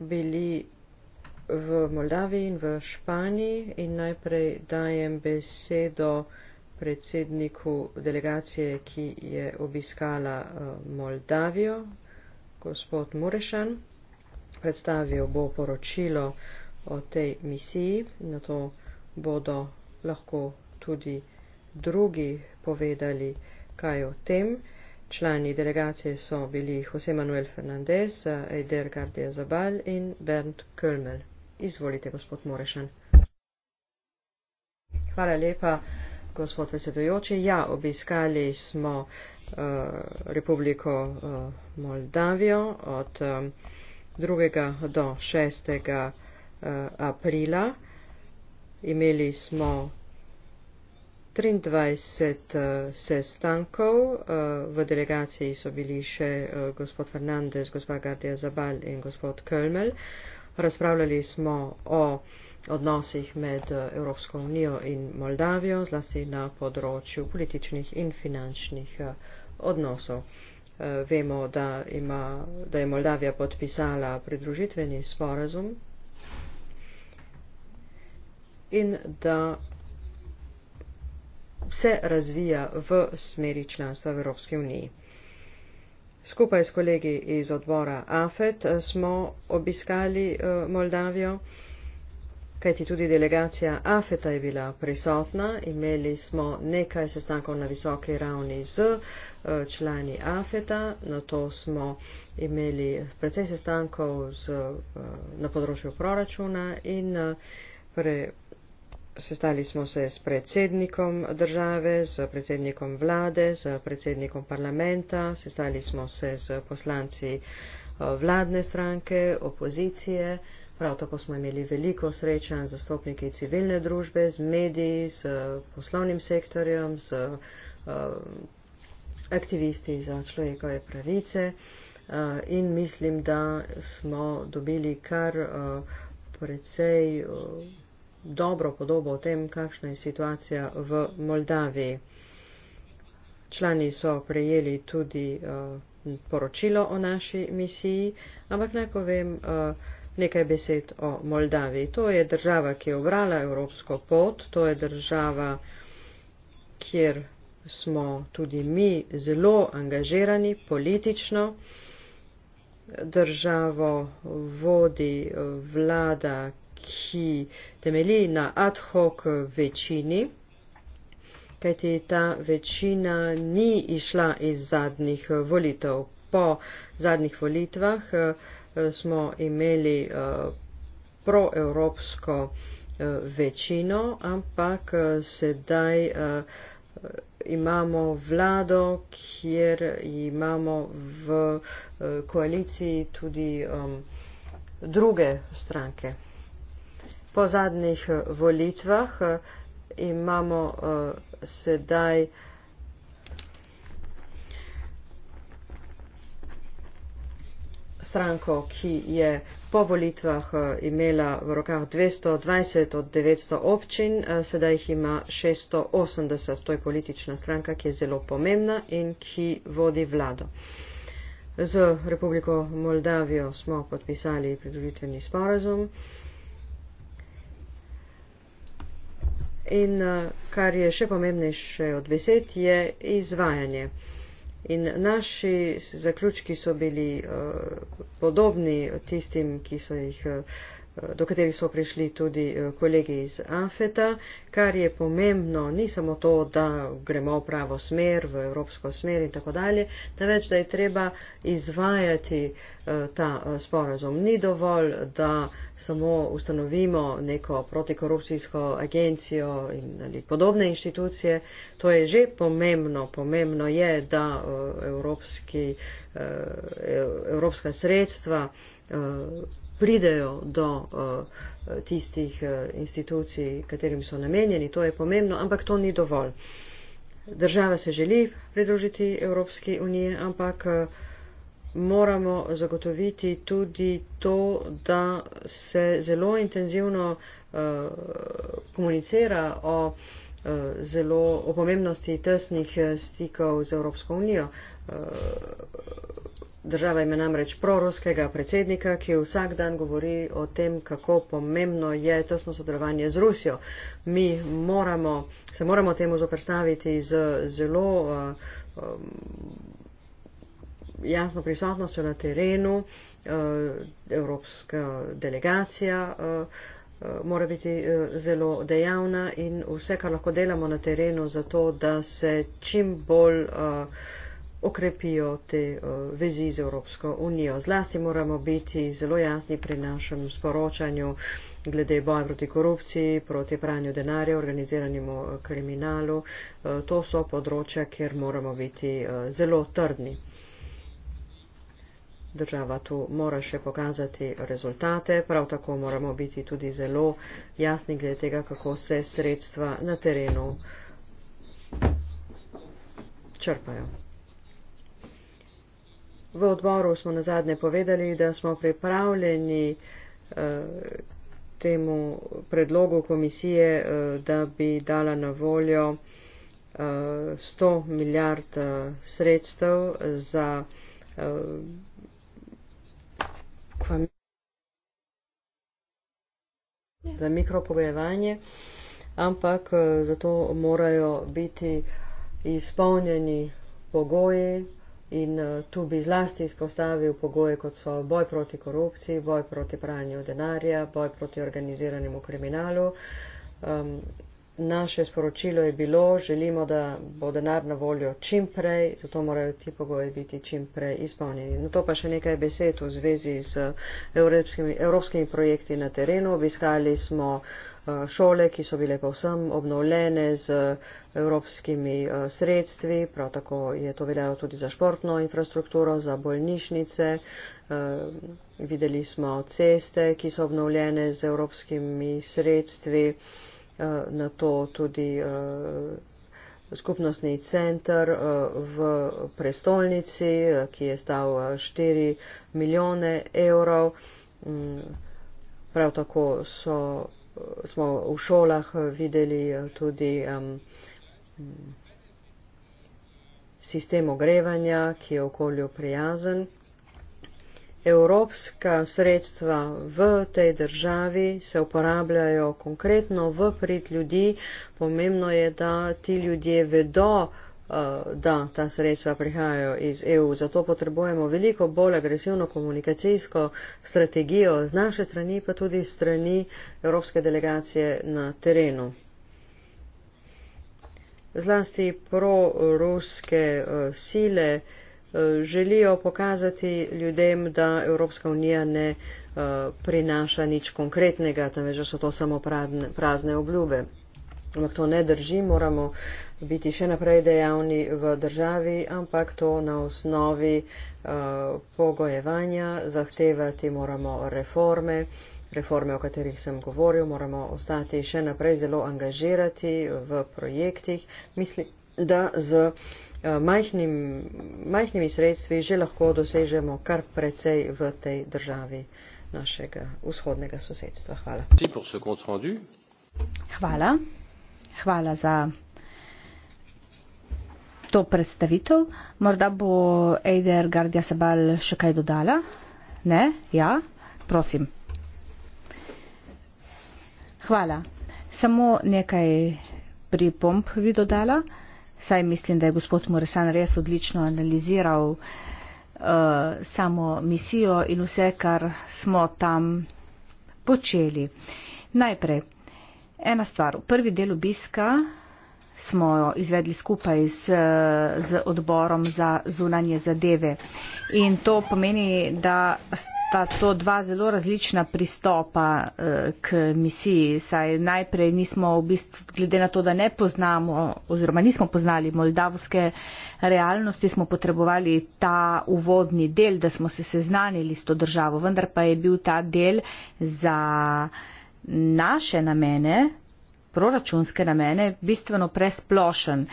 bili v Moldaviji in v Španiji in najprej dajem besedo predsedniku delegacije, ki je obiskala eh, Moldavijo, gospod Murešan. Predstavil bo poročilo o tej misiji, na to bodo lahko tudi drugi povedali, kaj o tem. Člani delegacije so bili Jose Manuel Fernandez, eh, Eider Gardia Zabal in Bernd Kölmel. Izvolite, gospod Morešan. Hvala lepa gospod predsedujoči. Ja, obiskali smo uh, Republiko uh, Moldavijo od eh, um, 2. do 6. Uh, aprila. Imeli smo 23 uh, sestankov, uh, v delegaciji so bili še uh, gospod Fernandez, gospod Gardia Zabal in gospod Kölmel. Razpravljali smo o uh, odnosih med eh, Evropsko unijo in Moldavijo, zlasti na področju političnih in finančnih eh, odnosov. Eh, vemo, da, ima, da je Moldavija podpisala pridružitveni sporazum in da se razvija v smeri članstva v Evropski uniji. Skupaj s kolegi iz odbora AFET smo obiskali Moldavijo kajti tudi delegacija AFETA je bila prisotna. Imeli smo nekaj sestankov na visoki ravni z eh, člani AFETA, na to smo imeli precej sestankov z, eh, na področju proračuna in eh, pre, sestali smo se s predsednikom države, s predsednikom vlade, s predsednikom parlamenta, sestali smo se s poslanci vladne stranke, opozicije. Prav tako smo imeli veliko srečanj z zastopniki civilne družbe, z mediji, z eh, poslovnim sektorjem, z um, aktivisti za človekove pravice uh, in mislim, da smo dobili kar uh, precej uh, dobro podobo o tem, kakšna je situacija v Moldaviji. Člani so prejeli tudi uh, poročilo o naši misiji, ampak naj povem, uh, Nekaj besed o Moldaviji. To je država, ki je obrala evropsko pot, to je država, kjer smo tudi mi zelo angažirani politično. Državo vodi eh, vlada, ki temelji na ad hoc večini, kajti ta večina ni išla iz zadnjih volitev. Po zadnjih volitvah eh, smo imeli eh, proevropsko eh, večino, ampak eh, sedaj imamo vlado, kjer imamo v koaliciji tudi druge stranke. Po zadnjih volitvah imamo sedaj vlado, stranko, ki je po volitvah eh, imela v rokah 220 od 900 občin, eh, sedaj jih ima 680. To je politična stranka, ki je zelo pomembna in ki vodi vlado. Z Republiko Moldavijo smo podpisali pridružitveni sporazum. In eh, kar je še pomembnejše od besed, je izvajanje. In naši zaključki so bili uh, podobni tistim, ki so jih uh, do katerih so prišli tudi eh, kolegi iz Anfeta, kar je pomembno, ni samo to, da gremo v pravo smer, v evropsko smer in tako dalje, da več, da je treba izvajati eh, ta eh, sporazum. Ni dovolj, da samo ustanovimo neko protikorupcijsko agencijo in ali podobne inštitucije. To je že pomembno. Pomembno je, da evropski, evropska sredstva pridejo do eh, tistih eh, institucij, katerim so namenjeni. To je pomembno, ampak to ni dovolj. Država se želi pridružiti Evropski uniji, ampak eh, moramo zagotoviti tudi to, da se zelo intenzivno komunicira o, zelo, o pomembnosti tesnih stikov z Evropsko unijo. Država ima namreč proruskega predsednika, ki vsak dan govori o tem, kako pomembno je tesno sodelovanje z Rusijo. Mi moramo, se moramo temu zoprstaviti z zelo uh, um, jasno prisotnostjo na terenu. Uh, evropska delegacija uh, uh, mora biti uh, zelo dejavna in vse, kar lahko delamo na terenu, zato da se čim bolj. Uh, okrepijo te uh, vezi z Evropsko unijo. Zlasti moramo biti zelo jasni pri našem sporočanju glede boja proti korupciji, proti pranju denarja, organiziranemu eh, kriminalu. Uh, to so področja, kjer moramo biti uh, zelo trdni. Država tu mora še pokazati rezultate, prav tako moramo biti tudi zelo jasni glede tega, kako se sredstva na terenu črpajo. V odboru smo na zadnje povedali, da smo pripravljeni eh, temu predlogu komisije, eh, da bi dala na voljo 100 eh, milijard sredstev za za mikropogojevanje, ampak zato morajo biti izpolnjeni pogoji, In eh, tu bi zlasti izpostavil pogoje, kot so boj proti korupciji, boj proti pranju denarja, boj proti organiziranemu kriminalu. Um, naše sporočilo je bilo, želimo, da bo denar na voljo čim prej, zato morajo ti pogoji biti čim prej izpolnjeni. Na to pa še nekaj besed v zvezi z evropskimi, evropskimi projekti na terenu. Obiskali smo uh, Eh, šole, ki so bile povsem obnovljene z eh, evropskimi eh, sredstvi, prav tako je to veljalo tudi za športno infrastrukturo, za bolnišnice, videli smo ceste, ki so obnovljene z evropskimi sredstvi, na to tudi skupnostni centr v prestolnici, ki je stal 4 milijone evrov. Mm, prav tako so Eh, smo v šolah eh, videli eh, tudi um, sistem ogrevanja, ki je okolju prijazen. Evropska sredstva v tej državi se uporabljajo konkretno v prid ljudi. Pomembno je, da ti ljudje vedo, Eh, da ta sredstva prihajajo iz EU. Zato potrebujemo veliko bolj agresivno komunikacijsko strategijo z naše strani, pa tudi strani Evropske delegacije na terenu. Zlasti proruske eh, sile eh, želijo pokazati ljudem, da Evropska unija ne prinaša nič konkretnega, temveč so to samo prazne obljube ampak to ne drži, moramo biti še naprej dejavni v državi, ampak to na osnovi uh, pogojevanja zahtevati moramo reforme, reforme, o katerih sem govoril, moramo ostati še naprej zelo angažirati v projektih. Mislim, da z eh, Majhnim, majhnimi sredstvi že lahko dosežemo kar precej v tej državi našega vzhodnega sosedstva. Hvala. Hvala hvala za to predstavitev. Morda bo Eider Gardia Sabal še kaj dodala? Ne? Ja? Prosim. Hvala. Samo nekaj pripomp bi dodala. Saj mislim, da je gospod Moresan res odlično analiziral uh, samo misijo in vse, kar smo tam počeli. Najprej, Ena stvar, v prvi del obiska smo jo izvedli skupaj z, z odborom za zunanje zadeve. In to pomeni, da sta to dva zelo različna pristopa eh, k misiji. Saj najprej nismo v bistvu, glede na to, da ne poznamo oziroma nismo poznali moldavske realnosti, smo potrebovali ta uvodni del, da smo se seznanili s to državo. Vendar pa je bil ta del za naše namene, proračunske namene, bistveno presplošen.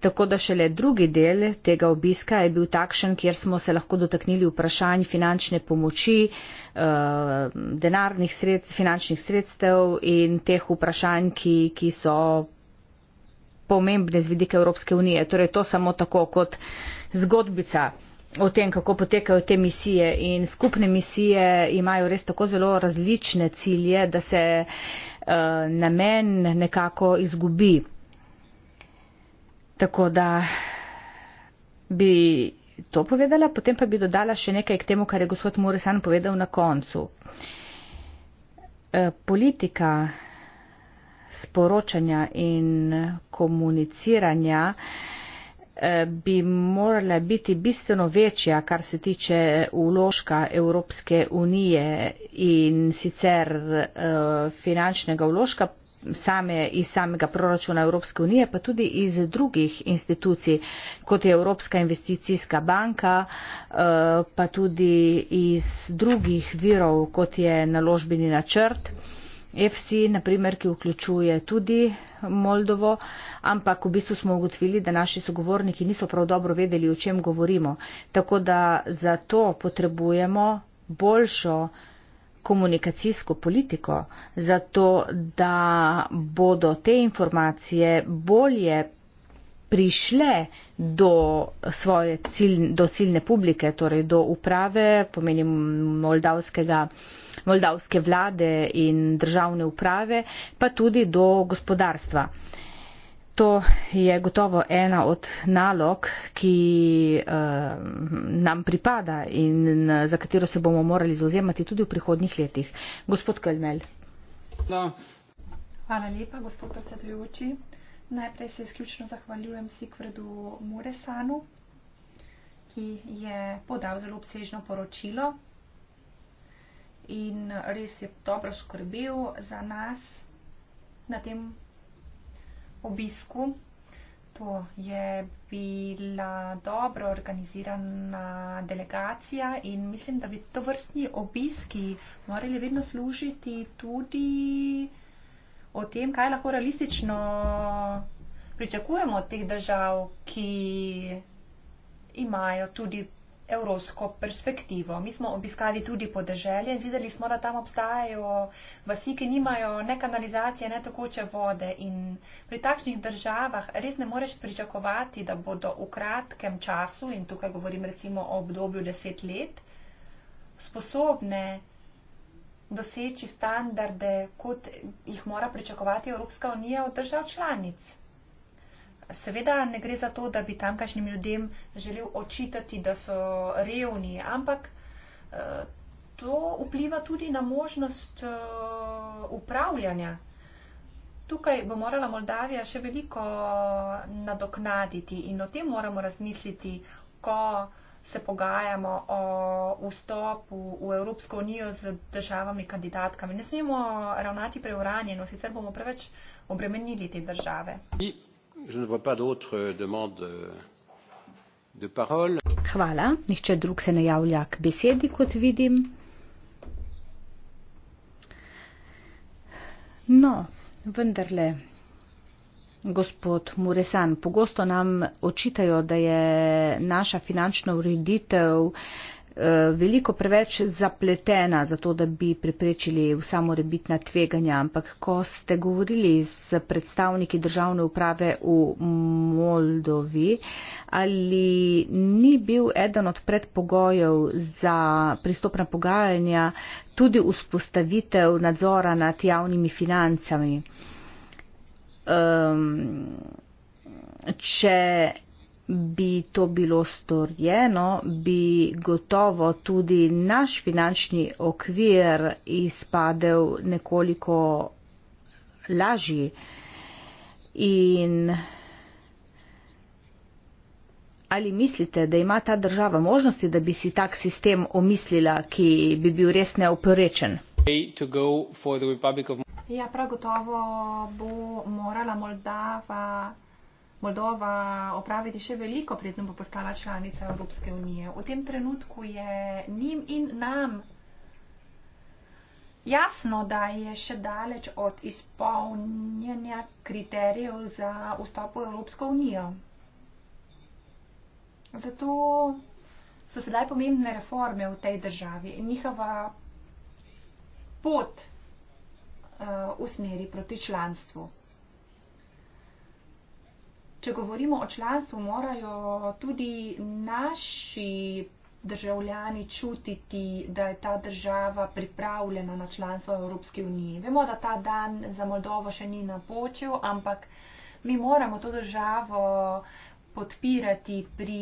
Tako da šele drugi del tega obiska je bil takšen, kjer smo se lahko dotaknili vprašanj finančne pomoči, eh, denarnih sred, finančnih sredstev in teh vprašanj, ki, ki so pomembne z vidike Evropske unije. Torej to samo tako kot zgodbica o tem, kako potekajo te misije. In skupne misije imajo res tako zelo različne cilje, da se uh, namen nekako izgubi. Tako da bi to povedala, potem pa bi dodala še nekaj k temu, kar je gospod Muresan povedal na koncu. Eh, politika sporočanja in komuniciranja bi morala biti bistveno večja, kar se tiče uložka eh, Evropske unije in sicer eh, finančnega uložka same, iz samega proračuna Evropske unije, pa tudi iz drugih institucij, kot je Evropska investicijska banka, eh, pa tudi iz drugih virov, kot je naložbeni načrt. FC, naprimer, ki vključuje tudi Moldovo, ampak v bistvu smo ugotovili, da naši sogovorniki niso prav dobro vedeli, o čem govorimo. Tako da zato potrebujemo boljšo komunikacijsko politiko, zato da bodo te informacije bolje prišle do svoje ciljne, do ciljne publike, torej do uprave, pomenim moldavskega moldavske vlade in državne uprave, pa tudi do gospodarstva. To je gotovo ena od nalog, ki uh, nam pripada in za katero se bomo morali zauzemati tudi v prihodnih letih. Gospod Kalmel. No. Hvala lepa, gospod predsedujoči. Najprej se izključno zahvaljujem Sikvredu Muresanu, ki je podal zelo obsežno poročilo in res je dobro skrbel za nas na tem obisku. To je bila dobro organizirana delegacija in mislim, da bi to vrstni obiski morali vedno služiti tudi o tem, kaj lahko realistično pričakujemo od teh držav, ki imajo tudi evropsko perspektivo. Mi smo obiskali tudi podeželje in videli smo, da tam obstajajo vasi, ki nimajo ne kanalizacije, ne tekoče vode. In pri takšnih državah res ne moreš pričakovati, da bodo v kratkem času, in tukaj govorim recimo o obdobju deset let, sposobne doseči standarde, kot jih mora pričakovati Evropska unija od držav članic. Seveda ne gre za to, da bi tamkajšnjim ljudem želel očitati, da so revni, ampak eh, to vpliva tudi na možnost eh, upravljanja. Tukaj bo morala Moldavija še veliko nadoknaditi in o tem moramo razmisliti, ko se pogajamo o vstopu v Evropsko unijo z državami kandidatkami. Ne smemo ravnati preuranjeno, sicer bomo preveč obremenili te države. Je ne vois pas d'autres euh, demandes euh, de parole. Hvala. Nihče drug se ne javlja k besedi, kot vidim. No, vendarle, gospod Muresan, pogosto nam očitajo, da je naša finančna ureditev eh, Eh, veliko preveč zapletena, zato da bi preprečili vsa morebitna tveganja, ampak ko ste govorili z predstavniki državne uprave v Moldovi, ali ni bil eden od predpogojev za pristopna pogajanja tudi vzpostavitev nadzora nad javnimi financami? Um, Če bi to bilo storjeno, bi gotovo tudi naš finančni okvir izpadel nekoliko lažji. In ali mislite, da ima ta država možnosti, da bi si tak sistem omislila, ki bi bil res neoporečen? Ja, prav gotovo bo morala Moldava Moldova opraviti še veliko, predtem pa postala članica Evropske unije. V tem trenutku je njim in nam jasno, da je še daleč od izpolnjenja kriterijev za vstop v Evropsko unijo. Zato so sedaj pomembne reforme v tej državi in njihova pot uh, v smeri proti članstvu če govorimo o članstvu, morajo tudi naši državljani čutiti, da je ta država pripravljena na članstvo Evropske unije. Vemo, da ta dan za Moldovo še ni napočil, ampak mi moramo to državo podpirati pri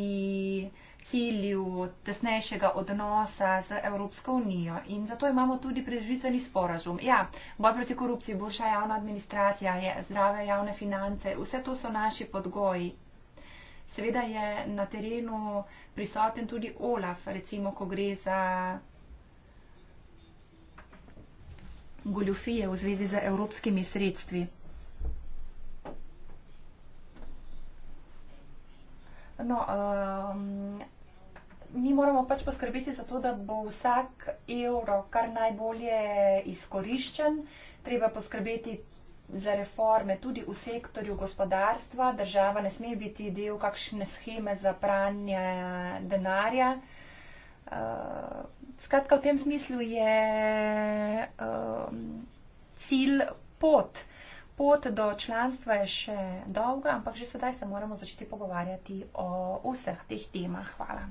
cilju tesnejšega odnosa z Evropsko unijo in zato imamo tudi prežitveni sporazum. Ja, boj proti korupciji, boljša javna administracija, je, zdrave javne finance, vse to so naši podgoji. Seveda je na terenu prisoten tudi OLAF, recimo, ko gre za goljufije v zvezi z evropskimi sredstvi. No, um, mi moramo pač poskrbeti za to, da bo vsak evro kar najbolje izkoriščen. Treba poskrbeti za reforme tudi v sektorju gospodarstva. Država ne sme biti del kakšne scheme za pranje denarja. Uh, skratka, v tem smislu je uh, cilj pot. Pot do članstva je še dolga, ampak že sedaj se moramo začeti pogovarjati o vseh teh temah. Hvala.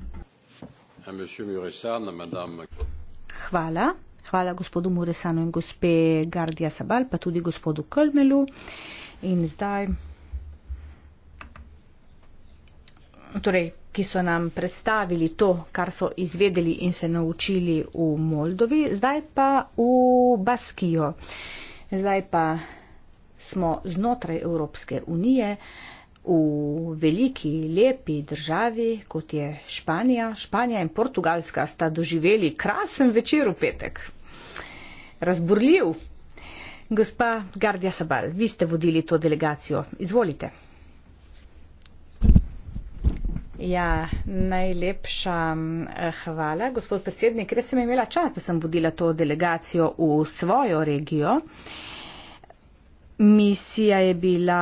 Hvala. Hvala gospodu Muresanu in gospe Gardija Sabal, pa tudi gospodu Kölmelu. In zdaj, torej, ki so nam predstavili to, kar so izvedeli in se naučili v Moldovi, zdaj pa v Baskijo. Zdaj pa smo znotraj Evropske unije. Uh, V veliki, lepi državi, kot je Španija, Španija in Portugalska sta doživeli krasen večer v petek. Razburljiv. Gospa Gardja Sabal, vi ste vodili to delegacijo. Izvolite. Ja, najlepša hvala, gospod predsednik. Res sem imela čas, da sem vodila to delegacijo v svojo regijo. Uh, Misija je bila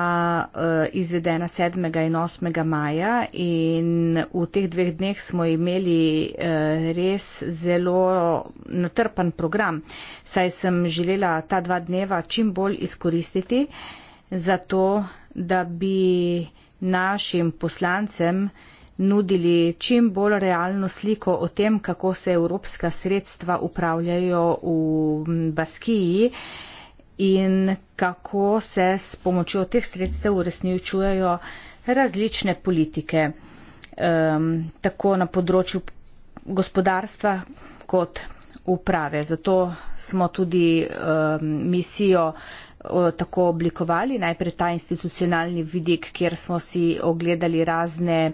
uh, izvedena 7. in 8. maja in v teh dveh dneh smo imeli uh, res zelo natrpan program, saj sem želela ta dva dneva čim bolj izkoristiti za to, da bi našim poslancem nudili čim bolj realno sliko o tem, kako se evropska sredstva upravljajo v Baskiji. Uh, in kako se s pomočjo teh sredstev uresničujejo različne politike, um, tako na področju gospodarstva kot uprave. Zato smo tudi um, misijo uh, tako oblikovali. Najprej ta institucionalni vidik, kjer smo si ogledali razne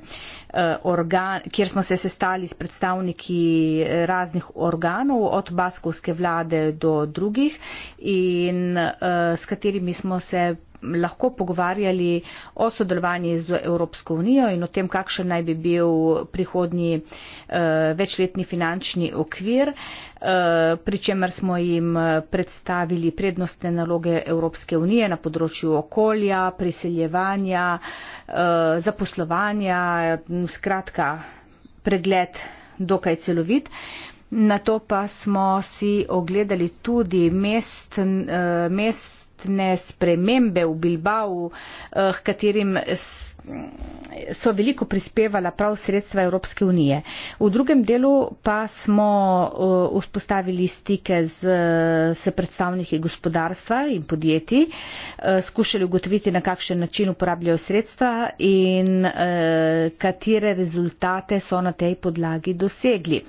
e, organ, kjer smo se sestali s predstavniki e, raznih organov, od baskovske vlade do drugih in e, s katerimi smo se lahko pogovarjali o sodelovanju z Evropsko unijo in o tem, kakšen naj bi bil prihodnji eh, večletni finančni okvir, eh, pri čemer smo jim eh, predstavili prednostne naloge Evropske unije na področju okolja, priseljevanja, zaposlovanja, skratka pregled dokaj celovit. Na to pa smo si ogledali tudi mest, mest letne spremembe v Bilbao, eh, h katerim ste so veliko prispevala prav sredstva Evropske unije. V drugem delu pa smo uh, vzpostavili stike z, s predstavniki gospodarstva in podjetij, uh, skušali ugotoviti, na kakšen način uporabljajo sredstva in uh, katere rezultate so na tej podlagi dosegli.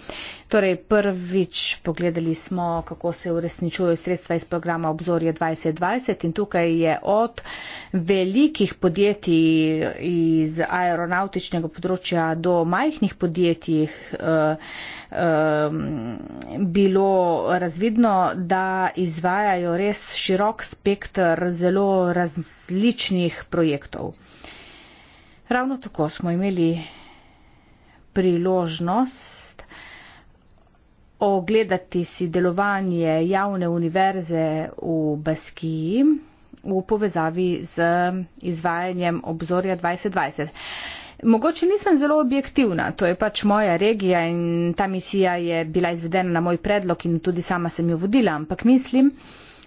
Torej, prvič pogledali smo, kako se uresničujo sredstva iz programa Obzorje 2020 in tukaj je od velikih podjetij iz aeronautičnega področja do majhnih podjetij eh, eh, bilo razvidno, da izvajajo res širok spektr zelo različnih projektov. Ravno tako smo imeli priložnost ogledati si delovanje javne univerze v Baskiji v povezavi z izvajanjem obzorja 2020. Mogoče nisem zelo objektivna, to je pač moja regija in ta misija je bila izvedena na moj predlog in tudi sama sem jo vodila, ampak mislim,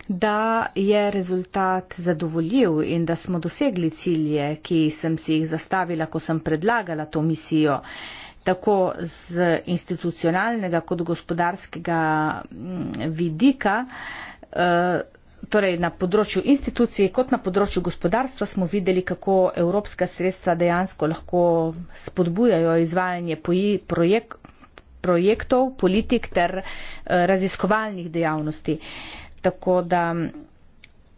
da je rezultat zadovoljiv in da smo dosegli cilje, ki sem si jih zastavila, ko sem predlagala to misijo, tako z institucionalnega kot gospodarskega mm, vidika. Uh, torej na področju institucij, kot na področju gospodarstva smo videli, kako evropska sredstva dejansko lahko spodbujajo izvajanje projekt, projektov, politik ter eh, raziskovalnih dejavnosti. Tako da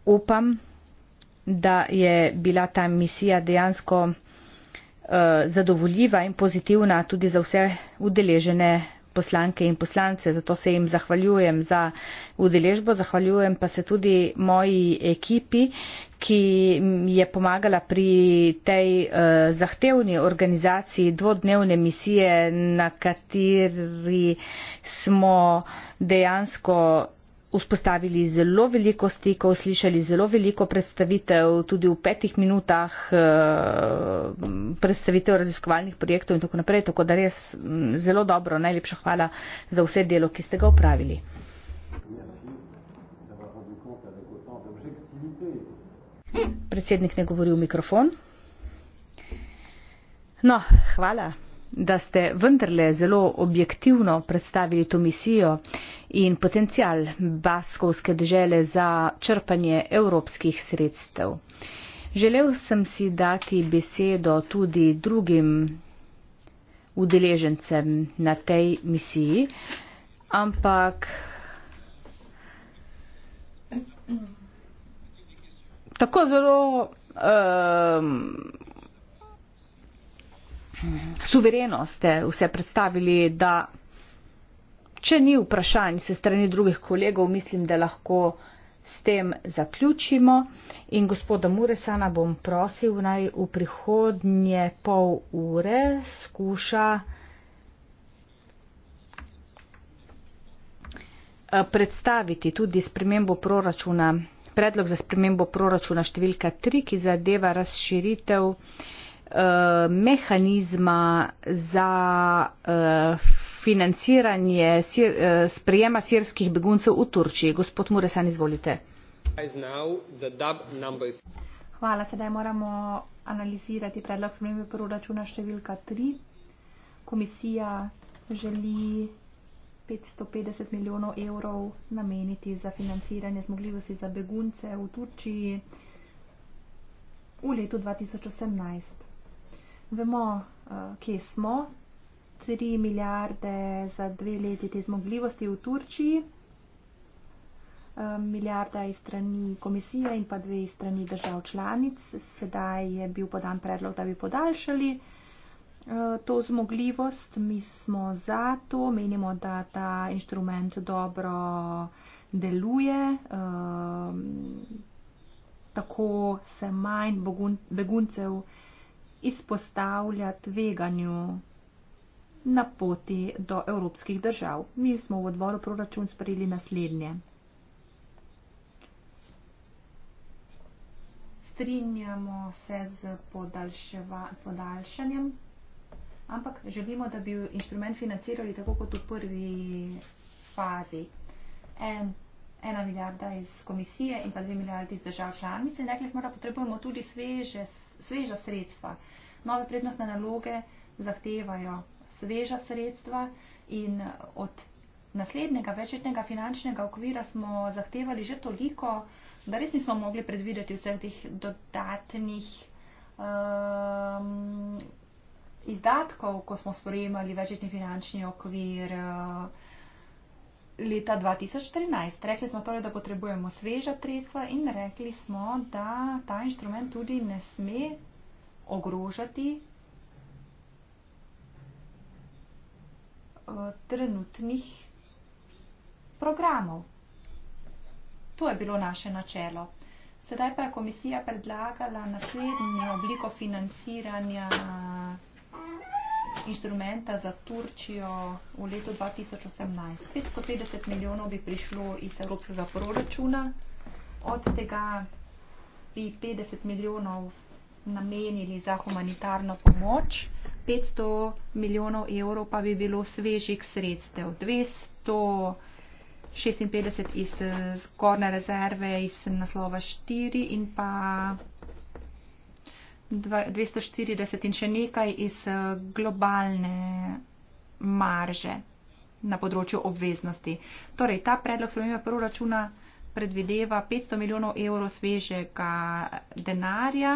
upam, da je bila ta misija dejansko eh, zadovoljiva in pozitivna tudi za vse udeležene poslanke in poslance, zato se jim zahvaljujem za udeležbo, zahvaljujem pa se tudi moji ekipi, ki je pomagala pri tej uh, zahtevni organizaciji dvodnevne misije, na kateri smo dejansko vzpostavili zelo veliko stikov, slišali zelo veliko predstavitev, tudi v petih minutah eh, predstavitev raziskovalnih projektov in tako naprej. Tako da res zelo dobro, najlepša hvala za vse delo, ki ste ga upravili. Predsednik ne govori v mikrofon. No, hvala da ste vendarle zelo objektivno predstavili to misijo in potencial baskovske države za črpanje evropskih sredstev. Želel sem si dati besedo tudi drugim udeležencem na tej misiji, ampak tako zelo um, Suvereno ste vse predstavili, da če ni vprašanj se strani drugih kolegov, mislim, da lahko s tem zaključimo. In gospoda Muresana bom prosil naj v prihodnje pol ure skuša eh, predstaviti tudi spremembo proračuna, predlog za spremembo proračuna številka 3, ki zadeva razširitev Eh, mehanizma za eh, financiranje sir, eh, sprejema sirskih beguncev v Turčiji. Gospod Muresan, izvolite. Hvala, sedaj moramo analizirati predlog spremembe proračuna številka 3. Komisija želi 550 milijonov evrov nameniti za financiranje zmogljivosti za begunce v Turčiji v letu 2018 vemo, eh, kje smo. 3 milijarde za dve leti te zmogljivosti v Turčiji, eh, milijarda iz strani komisije in pa dve iz strani držav članic. Sedaj je bil podan predlog, da bi podaljšali eh, to zmogljivost. Mi smo za to, menimo, da ta inštrument dobro deluje. Tako se manj beguncev. Begun izpostavlja tveganju na poti do evropskih držav. Mi smo v odboru proračun sprejeli naslednje. Strinjamo se z podaljšanjem, ampak želimo, da bi inštrument financirali tako kot v prvi fazi. En, ena milijarda iz komisije in pa dve milijarde iz držav članice. Nekaj mora potrebujemo tudi sveže s sveža sredstva. Nove prednostne naloge zahtevajo sveža sredstva in od naslednjega večetnega finančnega okvira smo zahtevali že toliko, da res nismo mogli predvideti vseh teh dodatnih um, izdatkov, ko smo sprejemali večetni finančni okvir. Uh, leta 2013. Rekli smo torej, da potrebujemo sveža tretva in rekli smo, da ta inštrument tudi ne sme ogrožati eh, trenutnih programov. To je bilo naše načelo. Sedaj pa je komisija predlagala naslednjo obliko financiranja inštrumenta za Turčijo v letu 2018. 550 milijonov bi prišlo iz evropskega proračuna, od tega bi 50 milijonov namenili za humanitarno pomoč, 500 milijonov evrov pa bi bilo svežih sredstev, 256 iz eh, zgornje rezerve iz naslova 4 in pa 240 in še nekaj iz eh, globalne marže na področju obveznosti. Torej, ta predlog spremembe proračuna predvideva 500 milijonov evrov svežega denarja.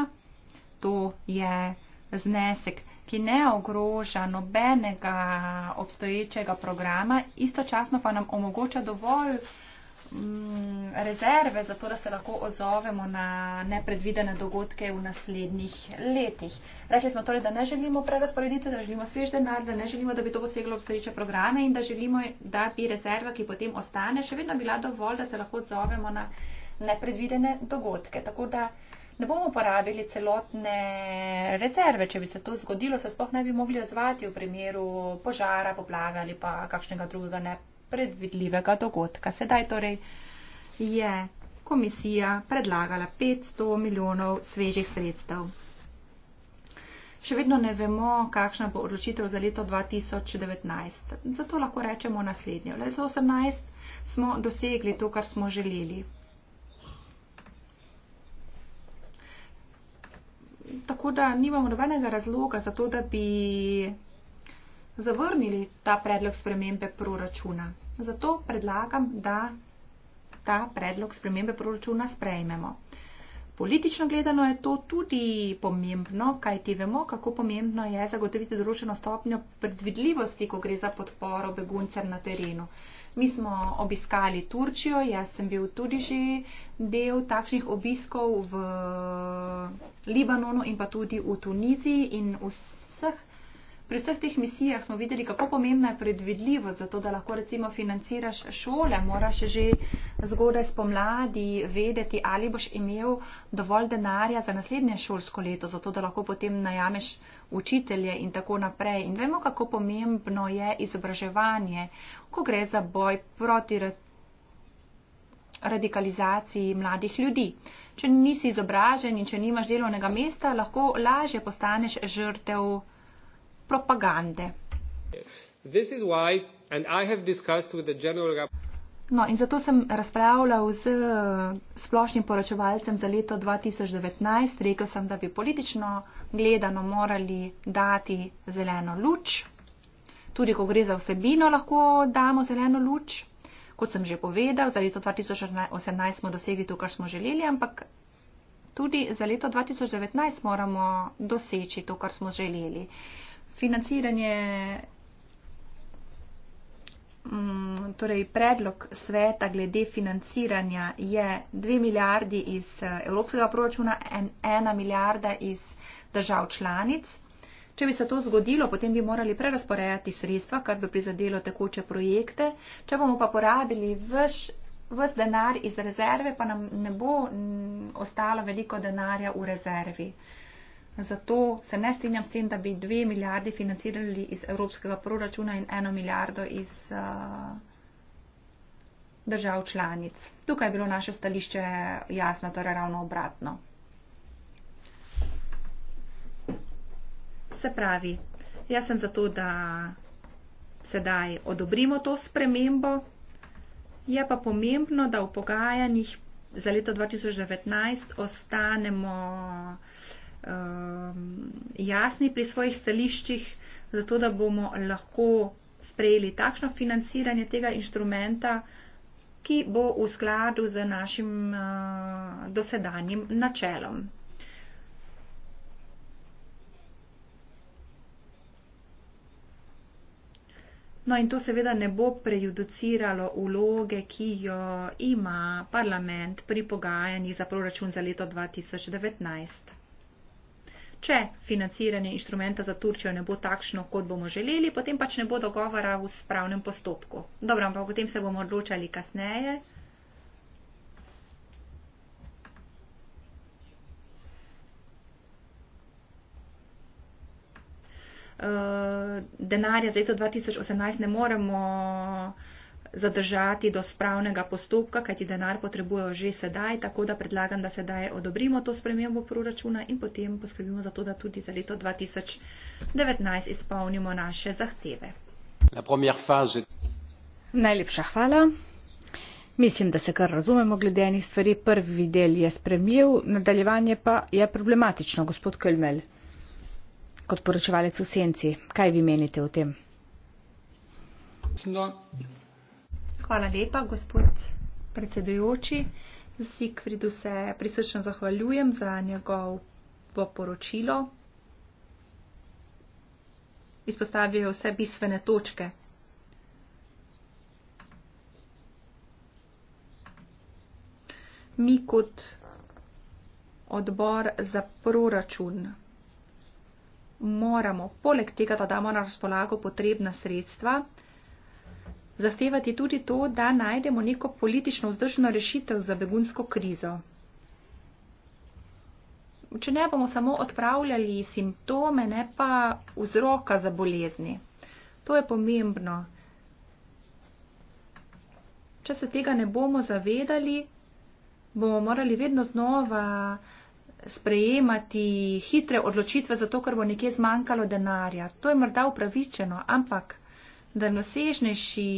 To je znesek, ki ne ogroža nobenega obstoječega programa, istočasno pa nam omogoča dovolj uh, Mm, rezerve, zato da se lahko odzovemo na nepredvidene dogodke v naslednjih letih. Rekli smo torej, da ne želimo prerasporediti, da želimo svež denar, da ne želimo, da bi to poseglo obstoječe programe in da želimo, da bi rezerva, ki potem ostane, še vedno bila dovolj, da se lahko odzovemo na nepredvidene dogodke. Tako da ne bomo porabili celotne rezerve, če bi se to zgodilo, se sploh ne bi mogli odzvati v primeru požara, poplave ali pa kakšnega drugega nepredvidenega predvidljivega dogodka. Sedaj torej je komisija predlagala 500 milijonov svežih sredstev. Še vedno ne vemo, kakšna bo odločitev za leto 2019. Zato lahko rečemo naslednjo. Leto 2018 smo dosegli to, kar smo želeli. Tako da nimamo nobenega razloga za to, da bi zavrnili ta predlog spremembe proračuna. Zato predlagam, da ta predlog spremembe proračuna sprejmemo. Politično gledano je to tudi pomembno, kaj ti vemo, kako pomembno je zagotoviti določeno stopnjo predvidljivosti, ko gre za podporo beguncem na terenu. Mi smo obiskali Turčijo, jaz sem bil tudi že del takšnih obiskov v Libanonu in pa tudi v Tuniziji in vseh Pri vseh teh misijah smo videli, kako pomembna je predvidljivost, zato da lahko recimo financiraš šole, moraš že zgodaj spomladi vedeti, ali boš imel dovolj denarja za naslednje šolsko leto, zato da lahko potem najameš učitelje in tako naprej. In vemo, kako pomembno je izobraževanje, ko gre za boj proti radikalizaciji mladih ljudi. Če nisi izobražen in če nimaš delovnega mesta, lahko lažje postaneš žrtev propagande. No, in zato sem razpravljal z eh, splošnim poročevalcem za leto 2019. Rekel sem, da bi politično gledano morali dati zeleno luč. Tudi, ko gre za vsebino, lahko damo zeleno luč. Kot sem že povedal, za leto 2018 smo dosegli to, kar smo želeli, ampak tudi za leto 2019 moramo doseči to, kar smo želeli. Uh, financiranje, mm, torej predlog sveta glede financiranja je 2 milijardi iz eh, evropskega proračuna in 1 milijarda iz držav članic. Če bi se to zgodilo, potem bi morali prerasporejati sredstva, kar bi prizadelo tekoče projekte. Če bomo pa porabili vš, vs denar iz rezerve, pa nam ne bo mm, ostalo veliko denarja v rezervi. Uh, Zato se ne strinjam s tem, da bi dve milijardi financirali iz evropskega proračuna in eno milijardo iz uh, držav članic. Tukaj je bilo naše stališče jasno, torej ravno obratno. Se pravi, jaz sem zato, da sedaj odobrimo to spremembo. Je pa pomembno, da v pogajanjih za leto 2019 ostanemo um, jasni pri svojih stališčih, zato da bomo lahko sprejeli takšno financiranje tega inštrumenta, ki bo v skladu z našim uh, dosedanjim načelom. No in to seveda ne bo prejudiciralo vloge, ki jo ima parlament pri pogajanjih za proračun za leto 2019 če financiranje inštrumenta za Turčijo ne bo takšno, kot bomo želeli, potem pač ne bo dogovora v spravnem postopku. Dobro, ampak o tem se bomo odločali kasneje. Eh, denarja za leto 2018 ne moremo zadržati do spravnega postopka, kajti denar potrebujejo že sedaj, tako da predlagam, da sedaj odobrimo to spremembo proračuna in potem poskrbimo za to, da tudi za leto 2019 izpolnimo naše zahteve. Phase... Najlepša hvala. Mislim, da se kar razumemo glede enih stvari. Prvi del je spremljiv, nadaljevanje pa je problematično, gospod Kölmel, kot poročevalec v senci. Kaj vi menite o tem? No. Hvala lepa, gospod predsedujoči. Zikvridu se prisrčno zahvaljujem za njegovo poročilo. Izpostavljajo vse bistvene točke. Mi kot odbor za proračun moramo poleg tega, da damo na razpolago potrebna sredstva, zahtevati tudi to, da najdemo neko politično vzdržno rešitev za begunsko krizo. Če ne bomo samo odpravljali simptome, ne pa vzroka za bolezni. To je pomembno. Če se tega ne bomo zavedali, bomo morali vedno znova sprejemati hitre odločitve, zato ker bo nekje zmanjkalo denarja. To je morda upravičeno, ampak daljnosežnejši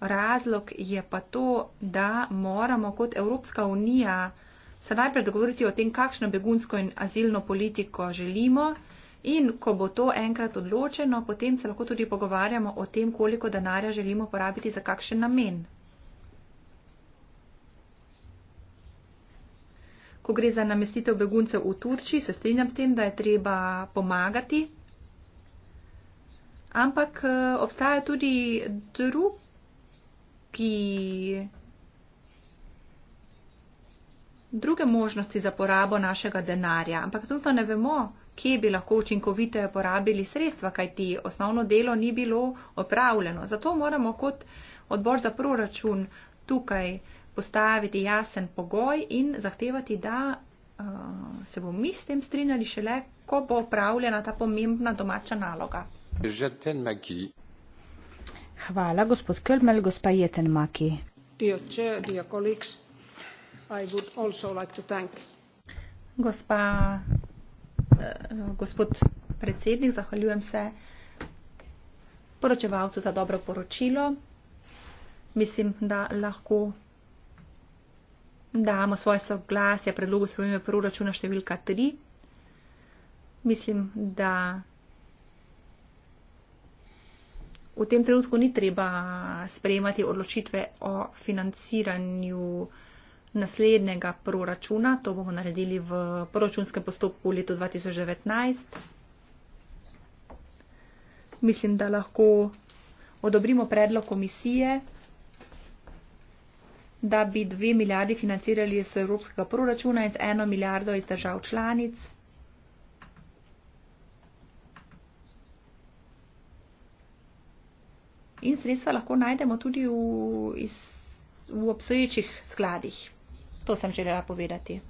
razlog je pa to, da moramo kot Evropska unija se najprej dogovoriti o tem, kakšno begunsko in azilno politiko želimo. In ko bo to enkrat odločeno, potem se lahko tudi pogovarjamo o tem, koliko denarja želimo porabiti za kakšen namen. Ko gre za namestitev beguncev v Turčiji, se strinjam s tem, da je treba pomagati ampak eh, obstaja tudi drugi, druge možnosti za porabo našega denarja. Ampak tudi to ne vemo, kje bi lahko učinkovite porabili sredstva, kajti osnovno delo ni bilo opravljeno. Zato moramo kot odbor za proračun tukaj postaviti jasen pogoj in zahtevati, da eh, se bomo mi s tem strinjali šele, ko bo opravljena ta pomembna domača naloga. Jeten Maki. Hvala, gospod Kölmel, gospa Jeten Maki. Dear chair, dear colleagues, I would also like to thank. Gospa, eh, gospod predsednik, zahvaljujem se poročevalcu za dobro poročilo. Mislim, da lahko damo svoje soglasje predlogu spremembe proračuna številka 3. Mislim, da v tem trenutku ni treba sprejemati odločitve o financiranju naslednjega proračuna. To bomo naredili v proračunskem postopku v letu 2019. Mislim, da lahko odobrimo predlog komisije, da bi dve milijardi financirali iz evropskega proračuna in eno milijardo iz držav članic. In sredstva lahko najdemo tudi v, iz, v obstoječih skladih. To sem želela povedati.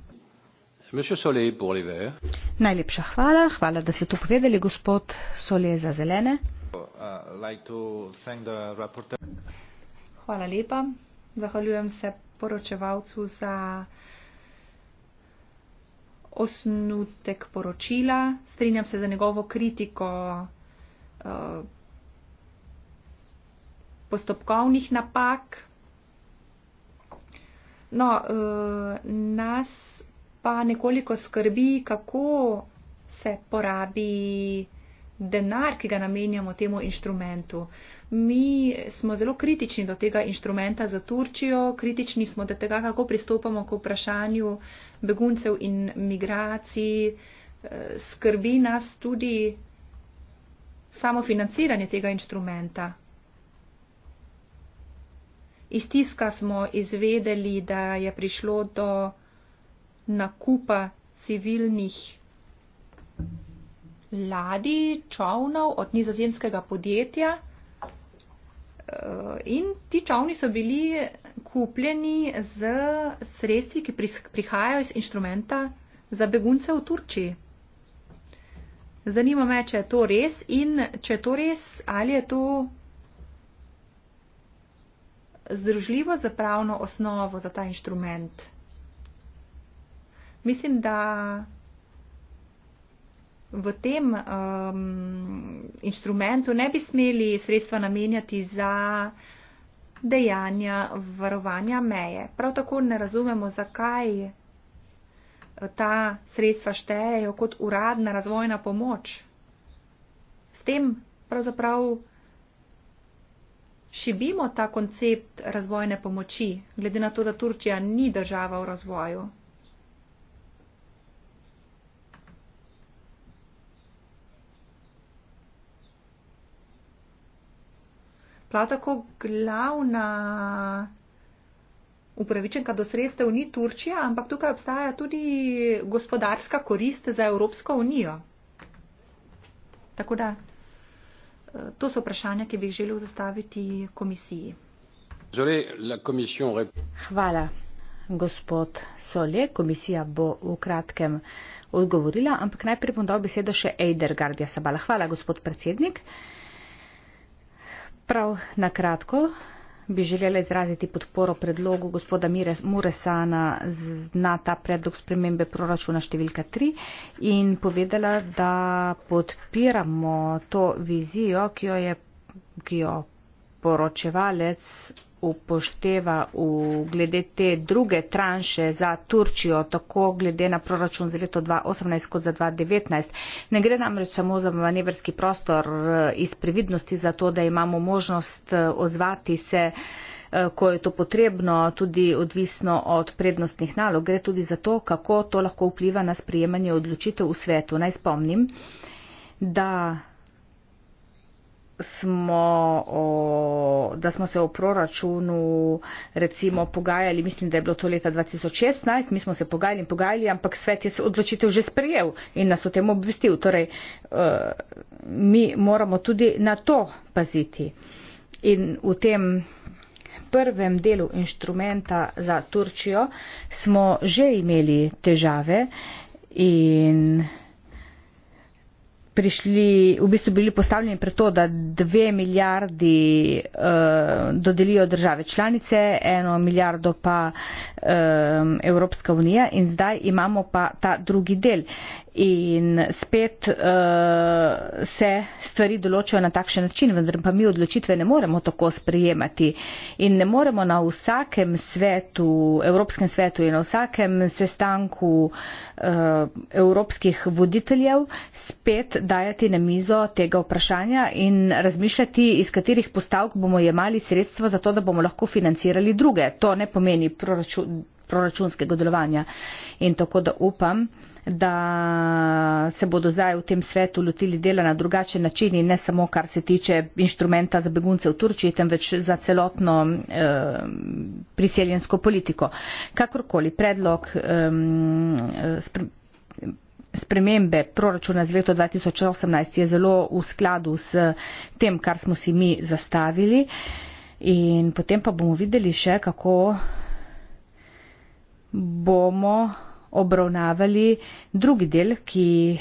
Najlepša hvala. Hvala, da ste to povedali, gospod Solje za zelene. Hvala lepa. Zahvaljujem se poročevalcu za osnutek poročila. Strinjam se za njegovo kritiko. Uh, postopkovnih napak. No, uh, nas pa nekoliko skrbi, kako se porabi denar, ki ga namenjamo temu inštrumentu. Mi smo zelo kritični do tega inštrumenta za Turčijo, kritični smo do tega, kako pristopamo k vprašanju beguncev in migracij. Eh, skrbi nas tudi samo financiranje tega inštrumenta iz tiska smo izvedeli, da je prišlo do nakupa civilnih ladi, čovnov od nizozemskega podjetja. Eh, in ti čovni so bili kupljeni z sredstvi, ki prihajajo iz inštrumenta za begunce v Turčiji. Zanima me, če je to res in če je to res, ali je to združljivo za pravno osnovo za ta inštrument. Mislim, da v tem um, inštrumentu ne bi smeli sredstva namenjati za dejanja varovanja meje. Prav tako ne razumemo, zakaj ta sredstva štejejo kot uradna razvojna pomoč. S tem pravzaprav šibimo ta koncept razvojne pomoči, glede na to, da Turčija ni država v razvoju? Prav tako glavna upravičenka do sredstev ni Turčija, ampak tukaj obstaja tudi gospodarska korist za Evropsko unijo. Tako da To so vprašanja, ki bi jih želel zastaviti komisiji. Hvala, gospod Solje. Komisija bo v kratkem odgovorila, ampak najprej bom dal besedo še Eider Gardija Sabala. Hvala, gospod predsednik. Prav na kratko bi želela izraziti podporo predlogu gospoda Muresana na ta predlog spremembe proračuna številka 3 in povedala, da podpiramo to vizijo, ki jo je ki jo poročevalec upošteva v glede te druge tranše za Turčijo, tako glede na proračun za leto 2018 kot za 2019. Ne gre namreč samo za manevrski prostor eh, iz previdnosti za to, da imamo možnost eh, ozvati se, eh, ko je to potrebno, tudi odvisno od prednostnih nalog. Gre tudi za to, kako to lahko vpliva na sprejemanje odločitev v svetu. Naj spomnim, da smo, o, da smo se o proračunu recimo pogajali, mislim, da je bilo to leta 2016, mi smo se pogajali in pogajali, ampak svet je odločitev že sprejel in nas o tem obvestil. Torej, o, eh, mi moramo tudi na to paziti. In v tem prvem delu inštrumenta za Turčijo smo že imeli težave in prišli, v bistvu bili postavljeni pred to, da dve milijardi uh, dodelijo države članice, eno milijardo pa uh, Evropska unija in zdaj imamo pa ta drugi del in spet uh, se stvari določajo na takšen način, vendar pa mi odločitve ne moremo tako sprejemati in ne moremo na vsakem svetu, Evropskem svetu in na vsakem sestanku uh, evropskih voditeljev spet dajati na mizo tega vprašanja in razmišljati, iz katerih postavk bomo jemali sredstva za to, da bomo lahko financirali druge. To ne pomeni proračun, proračunskega delovanja. In tako da upam, da se bodo zdaj v tem svetu lotili dela na drugačen način in ne samo kar se tiče inštrumenta za begunce v Turčiji, temveč za celotno eh, priseljensko politiko. Kakorkoli, predlog eh, spre, spremembe proračuna z leto 2018 je zelo v skladu s tem, kar smo si mi zastavili in potem pa bomo videli še, kako bomo obravnavali drugi del, ki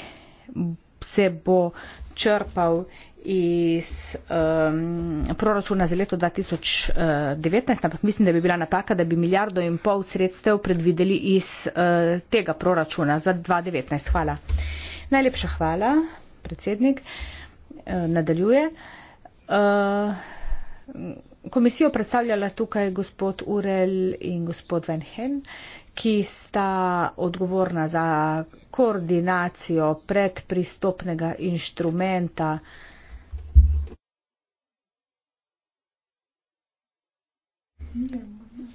se bo črpal iz um, proračuna za leto 2019, uh, ampak mislim, da bi bila napaka, da bi milijardo in pol sredstev predvideli iz uh, tega proračuna za 2019. Hvala. Najlepša hvala, predsednik. Uh, nadaljuje. Uh, komisijo predstavljala tukaj gospod Urel in gospod Van Hen ki sta odgovorna za koordinacijo predpristopnega inštrumenta.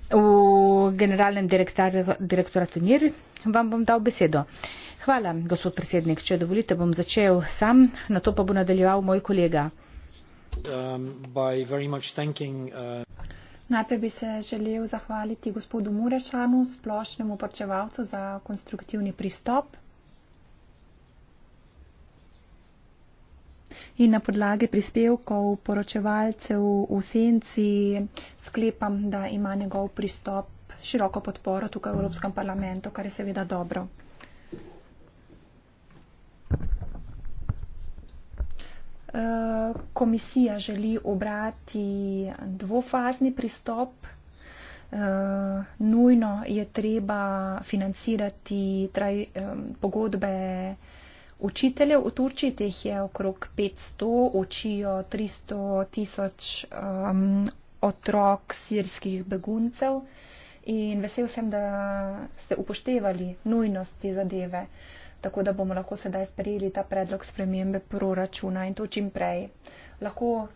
V generalnem direktoratu Mir vam bom dal besedo. Hvala, gospod predsednik. Če dovolite, bom začel sam, na to pa bo nadaljeval moj kolega. Um, Najprej bi se želel zahvaliti gospodu Murešanu, splošnemu porčevalcu, za konstruktivni pristop. In na podlagi prispevkov poročevalcev v senci sklepam, da ima njegov pristop široko podporo tukaj v Evropskem parlamentu, kar je seveda dobro komisija želi obrati dvofazni pristop. Eh, nujno je treba financirati traj, pogodbe učiteljev v Turčiji, teh je okrog 500, učijo 300 tisoč um, otrok sirskih beguncev in vesel sem, da ste upoštevali nujnost te zadeve. Uh, tako da bomo lahko sedaj sprejeli ta predlog spremembe proračuna in to čim prej. Lahko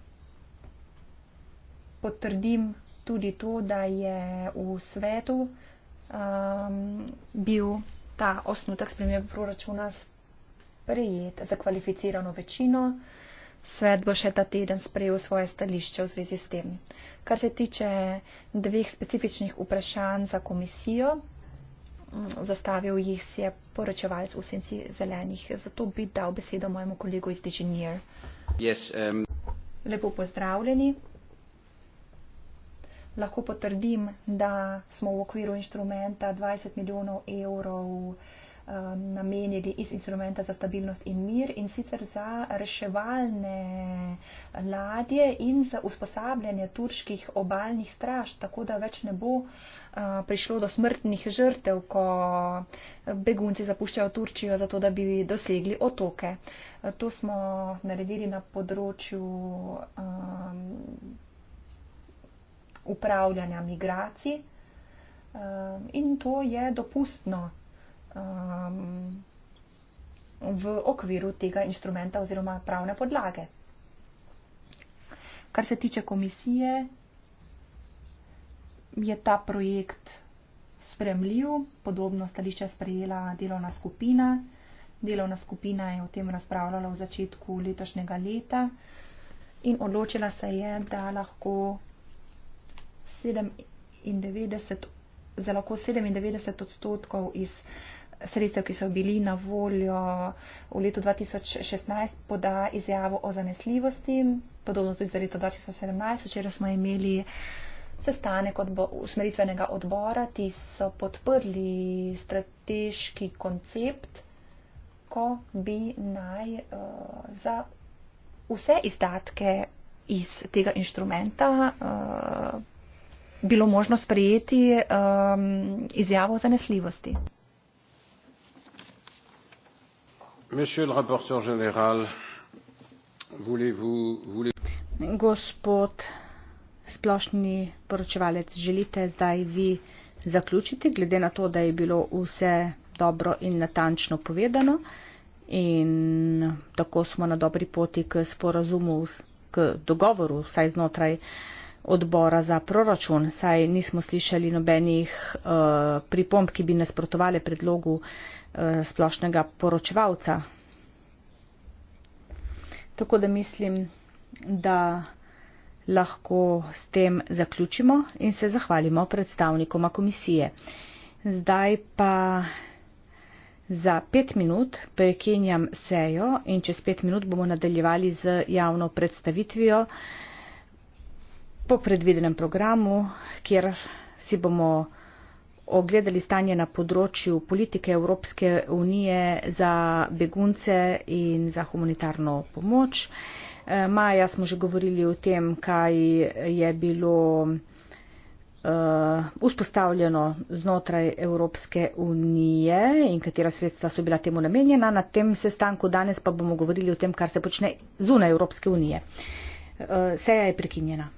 potrdim tudi to, da je v svetu um, bil ta osnutek spremembe proračuna sprejet za kvalificirano večino. Svet bo še ta teden sprejel svoje stališče v zvezi s tem. Kar se tiče dveh specifičnih vprašanj za komisijo, zastavil jih je poročevalc v senci zelenih. Zato bi dal besedo mojemu kolegu iz Dejinir. Yes, um... Lepo pozdravljeni. Lahko potrdim, da smo v okviru inštrumenta 20 milijonov evrov um, namenili iz inštrumenta za stabilnost in mir in sicer za reševalne ladje in za usposabljanje turških obaljnih straž, tako da več ne bo uh, Eh, prišlo do smrtnih žrtev, ko begunci zapuščajo Turčijo, zato da bi dosegli otoke. Eh, to smo naredili na področju um, upravljanja migracij um, in to je dopustno um, v okviru tega instrumenta oziroma pravne podlage. Kar se tiče komisije, je ta projekt spremljiv. Podobno stališče je sprejela delovna skupina. Delovna skupina je o tem razpravljala v začetku letošnjega leta in odločila se je, da lahko 97, za lahko 97 odstotkov iz sredstev, ki so bili na voljo v letu 2016, poda izjavo o zanesljivosti, podobno tudi za leto 2017, včeraj smo imeli sestanek odbo usmeritvenega odbora, ti so podprli strateški koncept, ko bi naj uh, za vse izdatke iz tega inštrumenta uh, bilo možno sprejeti um, izjavo o zanesljivosti. Gospod splošni poročevalec, želite zdaj vi zaključiti, glede na to, da je bilo vse dobro in natančno povedano in tako smo na dobri poti k sporazumu, k dogovoru, vsaj znotraj odbora za proračun, saj nismo slišali nobenih uh, pripomb, ki bi nasprotovali predlogu uh, splošnega poročevalca. Tako da mislim, da lahko s tem zaključimo in se zahvalimo predstavnikoma komisije. Zdaj pa za pet minut prekinjam sejo in čez pet minut bomo nadaljevali z javno predstavitvijo po predvidenem programu, kjer si bomo ogledali stanje na področju politike Evropske unije za begunce in za humanitarno pomoč. Eh, maja smo že govorili o tem, kaj je bilo eh, vzpostavljeno znotraj Evropske unije in katera sredstva so bila temu namenjena. Na tem sestanku danes pa bomo govorili o tem, kar se počne zunaj Evropske unije. Eh, seja je prekinjena.